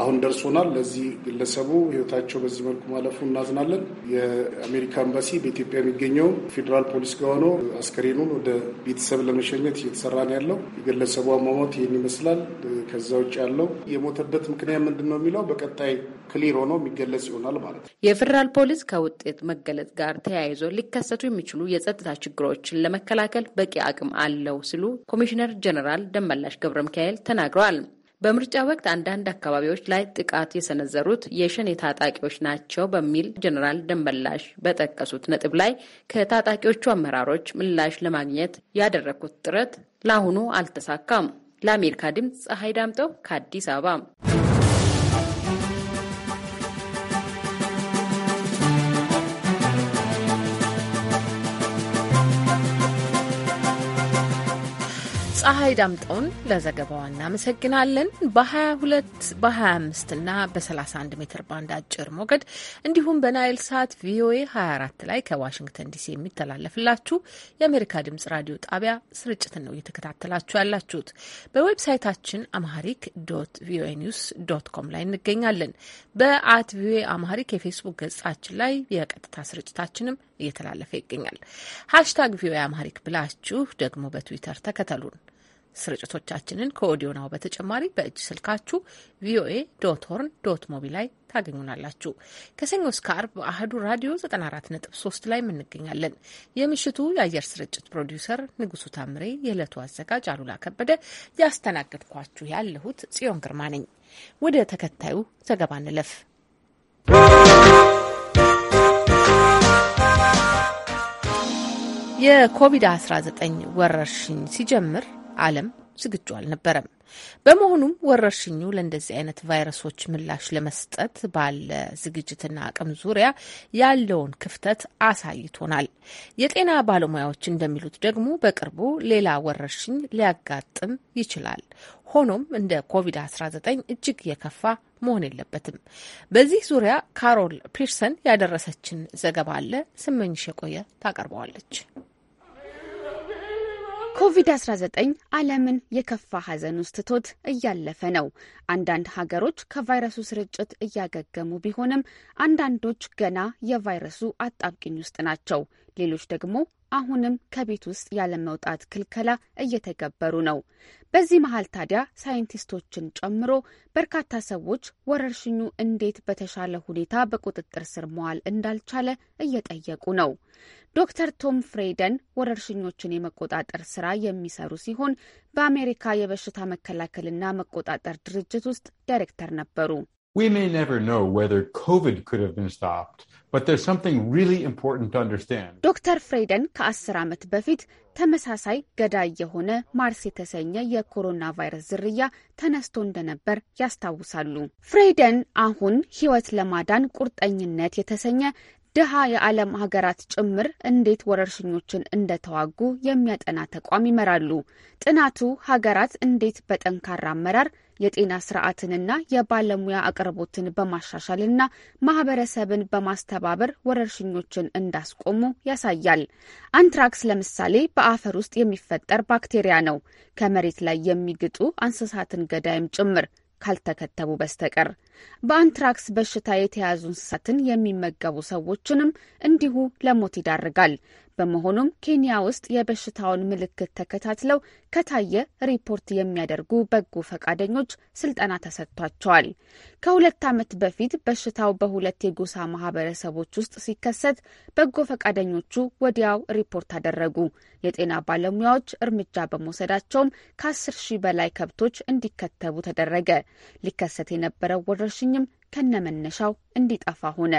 አሁን ደርሶናል። ለዚህ ግለሰቡ ህይወታቸው በዚህ መልኩ ማለፉ እናዝናለን። የአሜሪካ ኤምባሲ በኢትዮጵያ የሚገኘው ፌዴራል ፖሊስ ጋር ሆኖ አስከሬኑን ወደ ቤተሰብ ለመሸኘት እየተሰራ ነው ያለው። የግለሰቡ አሟሟት ይህን ይመስላል። ከዛ ውጭ ያለው የሞተበት ምክንያት ምንድን ነው የሚለው በቀጣይ ክሊር ሆኖ የሚገለጽ ይሆናል ማለት ነው። የፌዴራል ፖሊስ ከውጤት መገለጽ ጋር ተያይዞ ሊከሰቱ የሚችሉ የጸጥታ ችግሮችን ለመከላከል በቂ አቅም አለው ሲሉ ኮሚሽነር ጀኔራል ደመላሽ ገብረ ሚካኤል ተናግረዋል። በምርጫ ወቅት አንዳንድ አካባቢዎች ላይ ጥቃት የሰነዘሩት የሸኔ ታጣቂዎች ናቸው በሚል ጀኔራል ደንበላሽ በጠቀሱት ነጥብ ላይ ከታጣቂዎቹ አመራሮች ምላሽ ለማግኘት ያደረግኩት ጥረት ለአሁኑ አልተሳካም። ለአሜሪካ ድምፅ ፀሐይ ዳምጠው ከአዲስ አበባ ፀሐይ ዳምጠውን ለዘገባዋ እናመሰግናለን። በ22 በ25 እና በ31 ሜትር ባንድ አጭር ሞገድ እንዲሁም በናይል ሳት ቪኦኤ 24 ላይ ከዋሽንግተን ዲሲ የሚተላለፍላችሁ የአሜሪካ ድምጽ ራዲዮ ጣቢያ ስርጭትን ነው እየተከታተላችሁ ያላችሁት። በዌብሳይታችን አማሪክ ዶት ቪኦኤ ኒውስ ዶት ኮም ላይ እንገኛለን። በአት ቪኦኤ አማሪክ የፌስቡክ ገጻችን ላይ የቀጥታ ስርጭታችንም እየተላለፈ ይገኛል። ሀሽታግ ቪኦኤ አማሪክ ብላችሁ ደግሞ በትዊተር ተከተሉን። ስርጭቶቻችንን ከኦዲዮ ናው በተጨማሪ በእጅ ስልካችሁ ቪኦኤ ዶት ሆርን ዶት ሞቢ ላይ ታገኙናላችሁ። ከሰኞ እስከ አርብ በአህዱ ራዲዮ 94.3 ላይ እንገኛለን። የምሽቱ የአየር ስርጭት ፕሮዲውሰር ንጉሱ ታምሬ፣ የዕለቱ አዘጋጅ አሉላ ከበደ፣ ያስተናገድኳችሁ ያለሁት ጽዮን ግርማ ነኝ። ወደ ተከታዩ ዘገባ እንለፍ። የኮቪድ-19 ወረርሽኝ ሲጀምር ዓለም ዝግጁ አልነበረም። በመሆኑም ወረርሽኙ ለእንደዚህ አይነት ቫይረሶች ምላሽ ለመስጠት ባለ ዝግጅትና አቅም ዙሪያ ያለውን ክፍተት አሳይቶናል። የጤና ባለሙያዎች እንደሚሉት ደግሞ በቅርቡ ሌላ ወረርሽኝ ሊያጋጥም ይችላል። ሆኖም እንደ ኮቪድ-19 እጅግ የከፋ መሆን የለበትም። በዚህ ዙሪያ ካሮል ፒርሰን ያደረሰችን ዘገባ አለ። ስመኝሽ የቆየ ታቀርበዋለች። ኮቪድ-19 ዓለምን የከፋ ሐዘን ውስጥ ትቶት እያለፈ ነው። አንዳንድ ሀገሮች ከቫይረሱ ስርጭት እያገገሙ ቢሆንም አንዳንዶች ገና የቫይረሱ አጣብቂኝ ውስጥ ናቸው። ሌሎች ደግሞ አሁንም ከቤት ውስጥ ያለመውጣት ክልከላ እየተገበሩ ነው። በዚህ መሀል ታዲያ ሳይንቲስቶችን ጨምሮ በርካታ ሰዎች ወረርሽኙ እንዴት በተሻለ ሁኔታ በቁጥጥር ስር መዋል እንዳልቻለ እየጠየቁ ነው። ዶክተር ቶም ፍሬደን ወረርሽኞችን የመቆጣጠር ስራ የሚሰሩ ሲሆን በአሜሪካ የበሽታ መከላከልና መቆጣጠር ድርጅት ውስጥ ዳይሬክተር ነበሩ። We may never know whether COVID could have been stopped, but there's something really important to understand. ዶክተር ፍሬደን ከአስር ዓመት በፊት ተመሳሳይ ገዳይ የሆነ ማርስ የተሰኘ የኮሮና ቫይረስ ዝርያ ተነስቶ እንደነበር ያስታውሳሉ። ፍሬደን አሁን ሕይወት ለማዳን ቁርጠኝነት የተሰኘ ድሃ የዓለም ሀገራት ጭምር እንዴት ወረርሽኞችን እንደተዋጉ የሚያጠና ተቋም ይመራሉ። ጥናቱ ሀገራት እንዴት በጠንካራ አመራር የጤና ስርዓትንና የባለሙያ አቅርቦትን በማሻሻልና ማህበረሰብን በማስተባበር ወረርሽኞችን እንዳስቆሙ ያሳያል። አንትራክስ ለምሳሌ በአፈር ውስጥ የሚፈጠር ባክቴሪያ ነው፣ ከመሬት ላይ የሚግጡ እንስሳትን ገዳይም ጭምር ካልተከተቡ በስተቀር። በአንትራክስ በሽታ የተያዙ እንስሳትን የሚመገቡ ሰዎችንም እንዲሁ ለሞት ይዳርጋል። በመሆኑም ኬንያ ውስጥ የበሽታውን ምልክት ተከታትለው ከታየ ሪፖርት የሚያደርጉ በጎ ፈቃደኞች ስልጠና ተሰጥቷቸዋል። ከሁለት ዓመት በፊት በሽታው በሁለት የጎሳ ማህበረሰቦች ውስጥ ሲከሰት በጎ ፈቃደኞቹ ወዲያው ሪፖርት አደረጉ። የጤና ባለሙያዎች እርምጃ በመውሰዳቸውም ከአስር ሺህ በላይ ከብቶች እንዲከተቡ ተደረገ። ሊከሰት የነበረው ወረርሽኝም ከነመነሻው እንዲጠፋ ሆነ።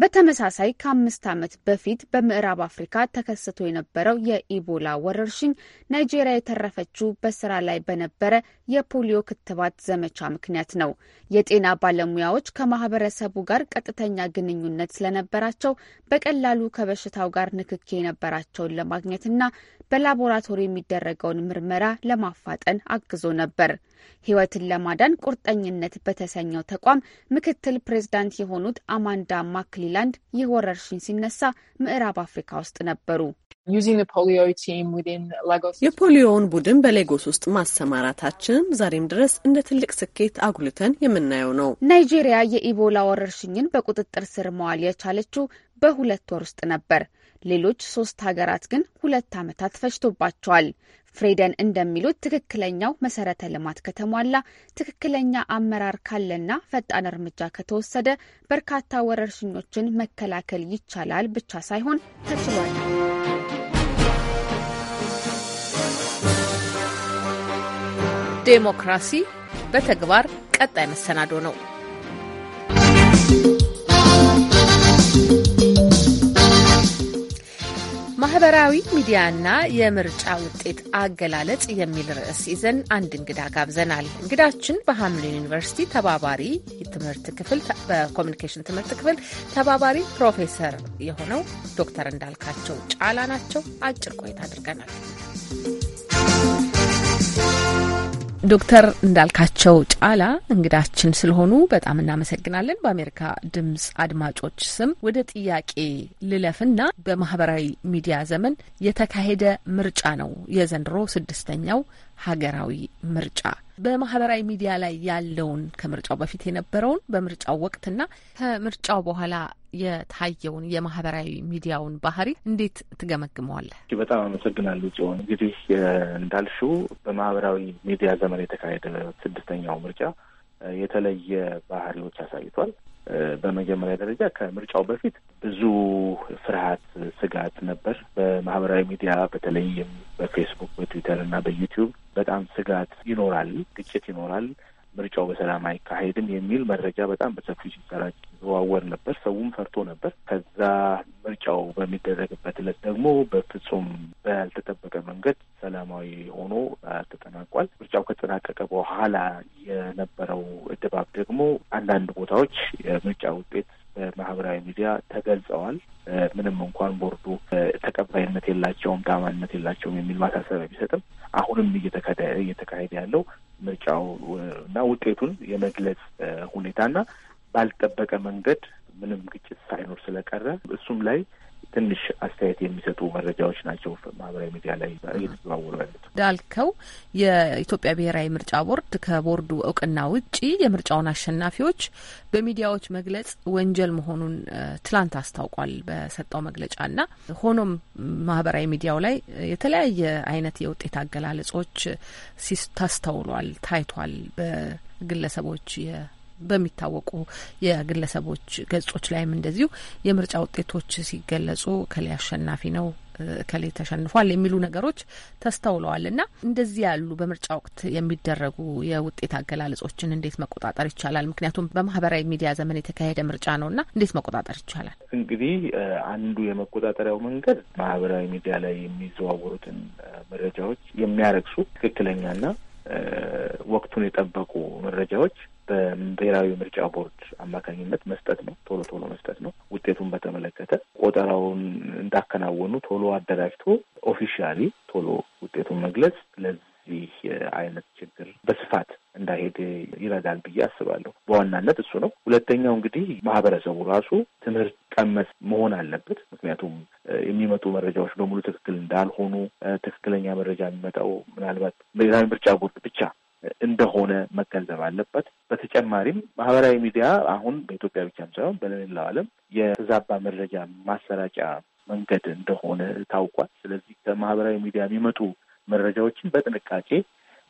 በተመሳሳይ ከአምስት ዓመት በፊት በምዕራብ አፍሪካ ተከስቶ የነበረው የኢቦላ ወረርሽኝ ናይጄሪያ የተረፈችው በስራ ላይ በነበረ የፖሊዮ ክትባት ዘመቻ ምክንያት ነው። የጤና ባለሙያዎች ከማህበረሰቡ ጋር ቀጥተኛ ግንኙነት ስለነበራቸው በቀላሉ ከበሽታው ጋር ንክኬ የነበራቸውን ለማግኘትና በላቦራቶሪ የሚደረገውን ምርመራ ለማፋጠን አግዞ ነበር። ሕይወትን ለማዳን ቁርጠኝነት በተሰኘው ተቋም ምክትል ፕሬዝዳንት የሆኑት አማንዳ ማክሊላንድ ይህ ወረርሽኝ ሲነሳ ምዕራብ አፍሪካ ውስጥ ነበሩ። የፖሊዮውን ቡድን በሌጎስ ውስጥ ማሰማራታችንም ዛሬም ድረስ እንደ ትልቅ ስኬት አጉልተን የምናየው ነው። ናይጄሪያ የኢቦላ ወረርሽኝን በቁጥጥር ስር መዋል የቻለችው በሁለት ወር ውስጥ ነበር። ሌሎች ሶስት ሀገራት ግን ሁለት ዓመታት ፈጅቶባቸዋል። ፍሬደን እንደሚሉት ትክክለኛው መሰረተ ልማት ከተሟላ፣ ትክክለኛ አመራር ካለና ፈጣን እርምጃ ከተወሰደ በርካታ ወረርሽኞችን መከላከል ይቻላል ብቻ ሳይሆን ተችሏል። ዴሞክራሲ በተግባር ቀጣይ መሰናዶ ነው። ማህበራዊ ሚዲያና የምርጫ ውጤት አገላለጽ የሚል ርዕስ ይዘን አንድ እንግዳ ጋብዘናል። እንግዳችን በሐምሊን ዩኒቨርሲቲ ተባባሪ ትምህርት ክፍል በኮሚኒኬሽን ትምህርት ክፍል ተባባሪ ፕሮፌሰር የሆነው ዶክተር እንዳልካቸው ጫላ ናቸው። አጭር ቆይታ አድርገናል። ዶክተር እንዳልካቸው ጫላ እንግዳችን ስለሆኑ በጣም እናመሰግናለን። በአሜሪካ ድምጽ አድማጮች ስም ወደ ጥያቄ ልለፍና በማህበራዊ ሚዲያ ዘመን የተካሄደ ምርጫ ነው የዘንድሮ ስድስተኛው ሀገራዊ ምርጫ በማህበራዊ ሚዲያ ላይ ያለውን ከምርጫው በፊት የነበረውን በምርጫው ወቅትና ከምርጫው በኋላ የታየውን የማህበራዊ ሚዲያውን ባህሪ እንዴት ትገመግመዋለህ? በጣም አመሰግናለሁ ጽዮን። እንግዲህ እንዳልሽው በማህበራዊ ሚዲያ ዘመን የተካሄደ ስድስተኛው ምርጫ የተለየ ባህሪዎች አሳይቷል። በመጀመሪያ ደረጃ ከምርጫው በፊት ብዙ ፍርሃት፣ ስጋት ነበር። በማህበራዊ ሚዲያ በተለይም በፌስቡክ፣ በትዊተር እና በዩቲዩብ በጣም ስጋት ይኖራል፣ ግጭት ይኖራል፣ ምርጫው በሰላም አይካሄድም የሚል መረጃ በጣም በሰፊው ሲሰራጭ ዘዋወር ነበር። ሰውም ፈርቶ ነበር። ከዛ ምርጫው በሚደረግበት ለት ደግሞ በፍጹም ባልተጠበቀ መንገድ ሰላማዊ ሆኖ ተጠናቋል። ምርጫው ከተጠናቀቀ በኋላ የነበረው ድባብ ደግሞ አንዳንድ ቦታዎች የምርጫ ውጤት በማህበራዊ ሚዲያ ተገልጸዋል። ምንም እንኳን ቦርዱ ተቀባይነት የላቸውም፣ ታማኝነት የላቸውም የሚል ማሳሰቢያ ቢሰጥም አሁንም እየተካሄደ ያለው ምርጫው እና ውጤቱን የመግለጽ ሁኔታና ባልጠበቀ መንገድ ምንም ግጭት ሳይኖር ስለቀረ እሱም ላይ ትንሽ አስተያየት የሚሰጡ መረጃዎች ናቸው ማህበራዊ ሚዲያ ላይ እየተዘዋወሩ ያሉት። እንዳልከው የኢትዮጵያ ብሔራዊ ምርጫ ቦርድ ከቦርዱ እውቅና ውጪ የምርጫውን አሸናፊዎች በሚዲያዎች መግለጽ ወንጀል መሆኑን ትላንት አስታውቋል በሰጠው መግለጫ እና ሆኖም ማህበራዊ ሚዲያው ላይ የተለያየ አይነት የውጤት አገላለጾች ሲታስተውሏል ታይቷል በግለሰቦች በሚታወቁ የግለሰቦች ገጾች ላይም እንደዚሁ የምርጫ ውጤቶች ሲገለጹ እከሌ አሸናፊ ነው እከሌ ተሸንፏል የሚሉ ነገሮች ተስተውለዋል። እና እንደዚህ ያሉ በምርጫ ወቅት የሚደረጉ የውጤት አገላለጾችን እንዴት መቆጣጠር ይቻላል? ምክንያቱም በማህበራዊ ሚዲያ ዘመን የተካሄደ ምርጫ ነው እና እንዴት መቆጣጠር ይቻላል? እንግዲህ አንዱ የመቆጣጠሪያው መንገድ ማህበራዊ ሚዲያ ላይ የሚዘዋወሩትን መረጃዎች የሚያረግሱ ትክክለኛና ወቅቱን የጠበቁ መረጃዎች በብሔራዊ ምርጫ ቦርድ አማካኝነት መስጠት ነው። ቶሎ ቶሎ መስጠት ነው። ውጤቱን በተመለከተ ቆጠራውን እንዳከናወኑ ቶሎ አደራጅቶ ኦፊሻሊ ቶሎ ውጤቱን መግለጽ ለዚህ አይነት ችግር በስፋት እንዳይሄድ ይረዳል ብዬ አስባለሁ። በዋናነት እሱ ነው። ሁለተኛው እንግዲህ ማህበረሰቡ ራሱ ትምህርት ቀመስ መሆን አለበት። ምክንያቱም የሚመጡ መረጃዎች በሙሉ ትክክል እንዳልሆኑ፣ ትክክለኛ መረጃ የሚመጣው ምናልባት ብሔራዊ ምርጫ ቦርድ ብቻ እንደሆነ መገንዘብ አለበት። በተጨማሪም ማህበራዊ ሚዲያ አሁን በኢትዮጵያ ብቻም ሳይሆን በሌላው ዓለም የተዛባ መረጃ ማሰራጫ መንገድ እንደሆነ ታውቋል። ስለዚህ ከማህበራዊ ሚዲያ የሚመጡ መረጃዎችን በጥንቃቄ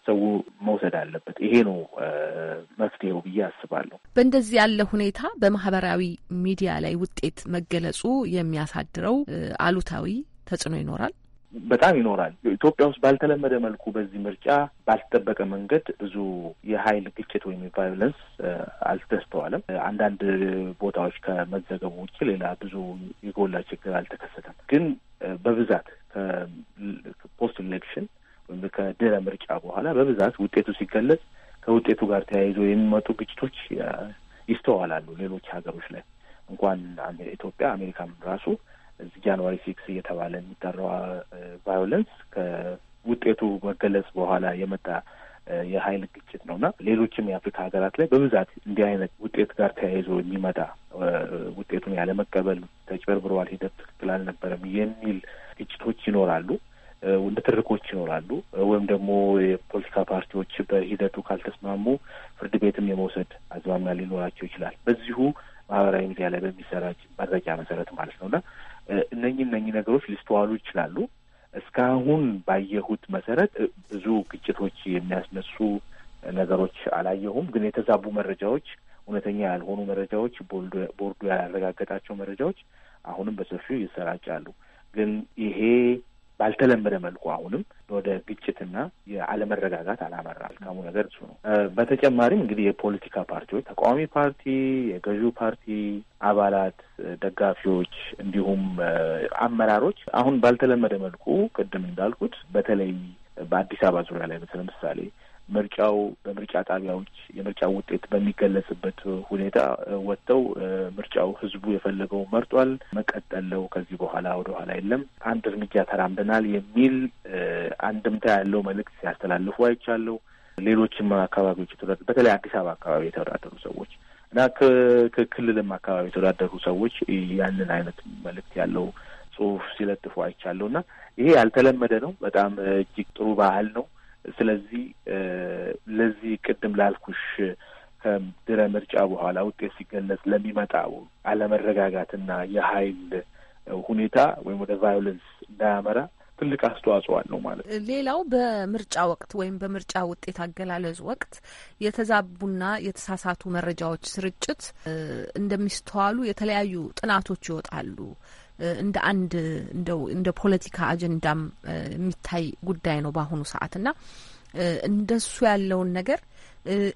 ሰው መውሰድ አለበት። ይሄ ነው መፍትሄው ብዬ አስባለሁ። በእንደዚህ ያለ ሁኔታ በማህበራዊ ሚዲያ ላይ ውጤት መገለጹ የሚያሳድረው አሉታዊ ተጽዕኖ ይኖራል። በጣም ይኖራል። ኢትዮጵያ ውስጥ ባልተለመደ መልኩ በዚህ ምርጫ ባልተጠበቀ መንገድ ብዙ የሀይል ግጭት ወይም ቫዮለንስ አልተስተዋለም። አንዳንድ ቦታዎች ከመዘገቡ ውጭ ሌላ ብዙ የጎላ ችግር አልተከሰተም። ግን በብዛት ከፖስት ኢሌክሽን ወይም ከድረ ምርጫ በኋላ በብዛት ውጤቱ ሲገለጽ ከውጤቱ ጋር ተያይዞ የሚመጡ ግጭቶች ይስተዋላሉ። ሌሎች ሀገሮች ላይ እንኳን ኢትዮጵያ አሜሪካም ራሱ ጃንዋሪ ሲክስ እየተባለ የሚጠራው ቫዮለንስ ከውጤቱ መገለጽ በኋላ የመጣ የሀይል ግጭት ነውና ሌሎችም የአፍሪካ ሀገራት ላይ በብዛት እንዲህ አይነት ውጤት ጋር ተያይዞ የሚመጣ ውጤቱን ያለመቀበል፣ ተጭበርብረዋል፣ ሂደት ትክክል አልነበረም የሚል ግጭቶች ይኖራሉ፣ እንደ ትርኮች ይኖራሉ። ወይም ደግሞ የፖለቲካ ፓርቲዎች በሂደቱ ካልተስማሙ ፍርድ ቤትም የመውሰድ አዝማሚያ ሊኖራቸው ይችላል። በዚሁ ማህበራዊ ሚዲያ ላይ በሚሰራጭ መረጃ መሰረት ማለት ነውና እነኚህ እነኚህ ነገሮች ሊስተዋሉ ይችላሉ። እስካሁን ባየሁት መሰረት ብዙ ግጭቶች የሚያስነሱ ነገሮች አላየሁም። ግን የተዛቡ መረጃዎች፣ እውነተኛ ያልሆኑ መረጃዎች፣ ቦርዱ ያላረጋገጣቸው መረጃዎች አሁንም በሰፊው ይሰራጫሉ። ግን ይሄ ባልተለመደ መልኩ አሁንም ወደ ግጭትና የአለመረጋጋት አላመራ። መልካሙ ነገር እሱ ነው። በተጨማሪም እንግዲህ የፖለቲካ ፓርቲዎች፣ ተቃዋሚ ፓርቲ፣ የገዢው ፓርቲ አባላት፣ ደጋፊዎች እንዲሁም አመራሮች አሁን ባልተለመደ መልኩ ቅድም እንዳልኩት በተለይ በአዲስ አበባ ዙሪያ ላይ ለምሳሌ ምርጫው በምርጫ ጣቢያዎች የምርጫ ውጤት በሚገለጽበት ሁኔታ ወጥተው ምርጫው ህዝቡ የፈለገው መርጧል፣ መቀጠለው ከዚህ በኋላ ወደ ኋላ የለም፣ አንድ እርምጃ ተራምደናል የሚል አንድምታ ያለው መልእክት ሲያስተላልፉ አይቻለሁ። ሌሎችም አካባቢዎች በተለይ አዲስ አበባ አካባቢ የተወዳደሩ ሰዎች እና ከክልልም አካባቢ የተወዳደሩ ሰዎች ያንን አይነት መልእክት ያለው ጽሁፍ ሲለጥፉ አይቻለሁ እና ይሄ ያልተለመደ ነው። በጣም እጅግ ጥሩ ባህል ነው። ስለዚህ ለዚህ ቅድም ላልኩሽ ድረ ምርጫ በኋላ ውጤት ሲገለጽ ለሚመጣው አለመረጋጋትና የሀይል ሁኔታ ወይም ወደ ቫዮለንስ እንዳያመራ ትልቅ አስተዋጽኦ አለው ማለት ነው። ሌላው በምርጫ ወቅት ወይም በምርጫ ውጤት አገላለጽ ወቅት የተዛቡና የተሳሳቱ መረጃዎች ስርጭት እንደሚስተዋሉ የተለያዩ ጥናቶች ይወጣሉ። እንደ አንድ እንደው እንደ ፖለቲካ አጀንዳም የሚታይ ጉዳይ ነው በአሁኑ ሰዓት እና እንደሱ ያለውን ነገር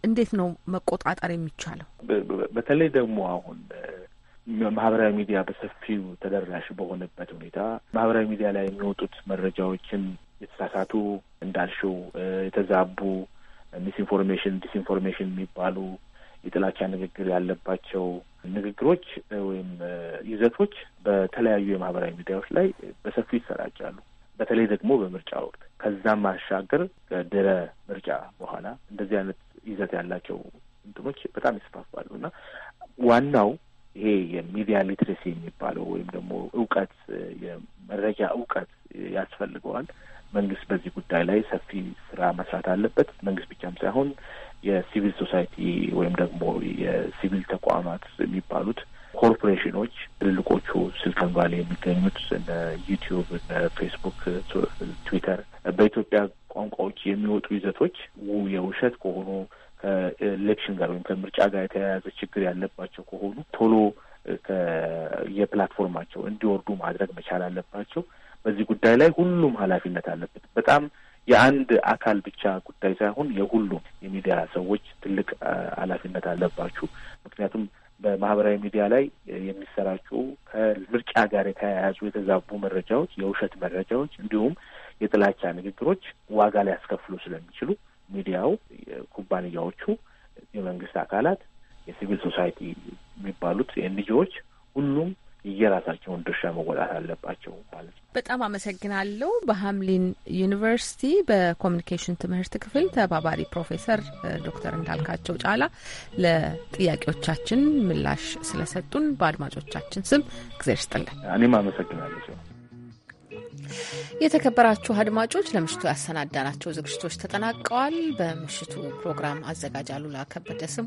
እንዴት ነው መቆጣጠር የሚቻለው? በተለይ ደግሞ አሁን ማህበራዊ ሚዲያ በሰፊው ተደራሽ በሆነበት ሁኔታ ማህበራዊ ሚዲያ ላይ የሚወጡት መረጃዎችን የተሳሳቱ እንዳልሽው የተዛቡ ሚስኢንፎርሜሽን ዲስኢንፎርሜሽን የሚባሉ የጥላቻ ንግግር ያለባቸው ንግግሮች ወይም ይዘቶች በተለያዩ የማህበራዊ ሚዲያዎች ላይ በሰፊው ይሰራጫሉ። በተለይ ደግሞ በምርጫ ወቅት ከዛም ማሻገር ከድረ ምርጫ በኋላ እንደዚህ አይነት ይዘት ያላቸው እንትኖች በጣም ይስፋፋሉ እና ዋናው ይሄ የሚዲያ ሊትሬሲ የሚባለው ወይም ደግሞ እውቀት የመረጃ እውቀት ያስፈልገዋል። መንግስት በዚህ ጉዳይ ላይ ሰፊ ስራ መስራት አለበት። መንግስት ብቻም ሳይሆን የሲቪል ሶሳይቲ ወይም ደግሞ የሲቪል ተቋማት የሚባሉት ኮርፖሬሽኖች፣ ትልልቆቹ ሲሊኮን ቫሊ የሚገኙት እነ ዩቲዩብ፣ እነ ፌስቡክ፣ ትዊተር በኢትዮጵያ ቋንቋዎች የሚወጡ ይዘቶች የውሸት ከሆኑ ከኤሌክሽን ጋር ወይም ከምርጫ ጋር የተያያዘ ችግር ያለባቸው ከሆኑ ቶሎ የፕላትፎርማቸው እንዲወርዱ ማድረግ መቻል አለባቸው። በዚህ ጉዳይ ላይ ሁሉም ኃላፊነት አለበት። በጣም የአንድ አካል ብቻ ጉዳይ ሳይሆን የሁሉም የሚዲያ ሰዎች ትልቅ ኃላፊነት አለባችሁ። ምክንያቱም በማህበራዊ ሚዲያ ላይ የሚሰራጩ ከምርጫ ጋር የተያያዙ የተዛቡ መረጃዎች፣ የውሸት መረጃዎች እንዲሁም የጥላቻ ንግግሮች ዋጋ ሊያስከፍሉ ስለሚችሉ ሚዲያው፣ ኩባንያዎቹ፣ የመንግስት አካላት፣ የሲቪል ሶሳይቲ የሚባሉት ኤንጂዎች ሁሉም የራሳቸውን ድርሻ መወጣት አለባቸው ማለት ነው። በጣም አመሰግናለሁ። በሀምሊን ዩኒቨርሲቲ በኮሚኒኬሽን ትምህርት ክፍል ተባባሪ ፕሮፌሰር ዶክተር እንዳልካቸው ጫላ ለጥያቄዎቻችን ምላሽ ስለሰጡን በአድማጮቻችን ስም እግዜር ይስጥልን። እኔም አመሰግናለሁ። የተከበራችሁ አድማጮች ለምሽቱ ያሰናዳናቸው ዝግጅቶች ተጠናቀዋል። በምሽቱ ፕሮግራም አዘጋጅ አሉላ ከበደ ስም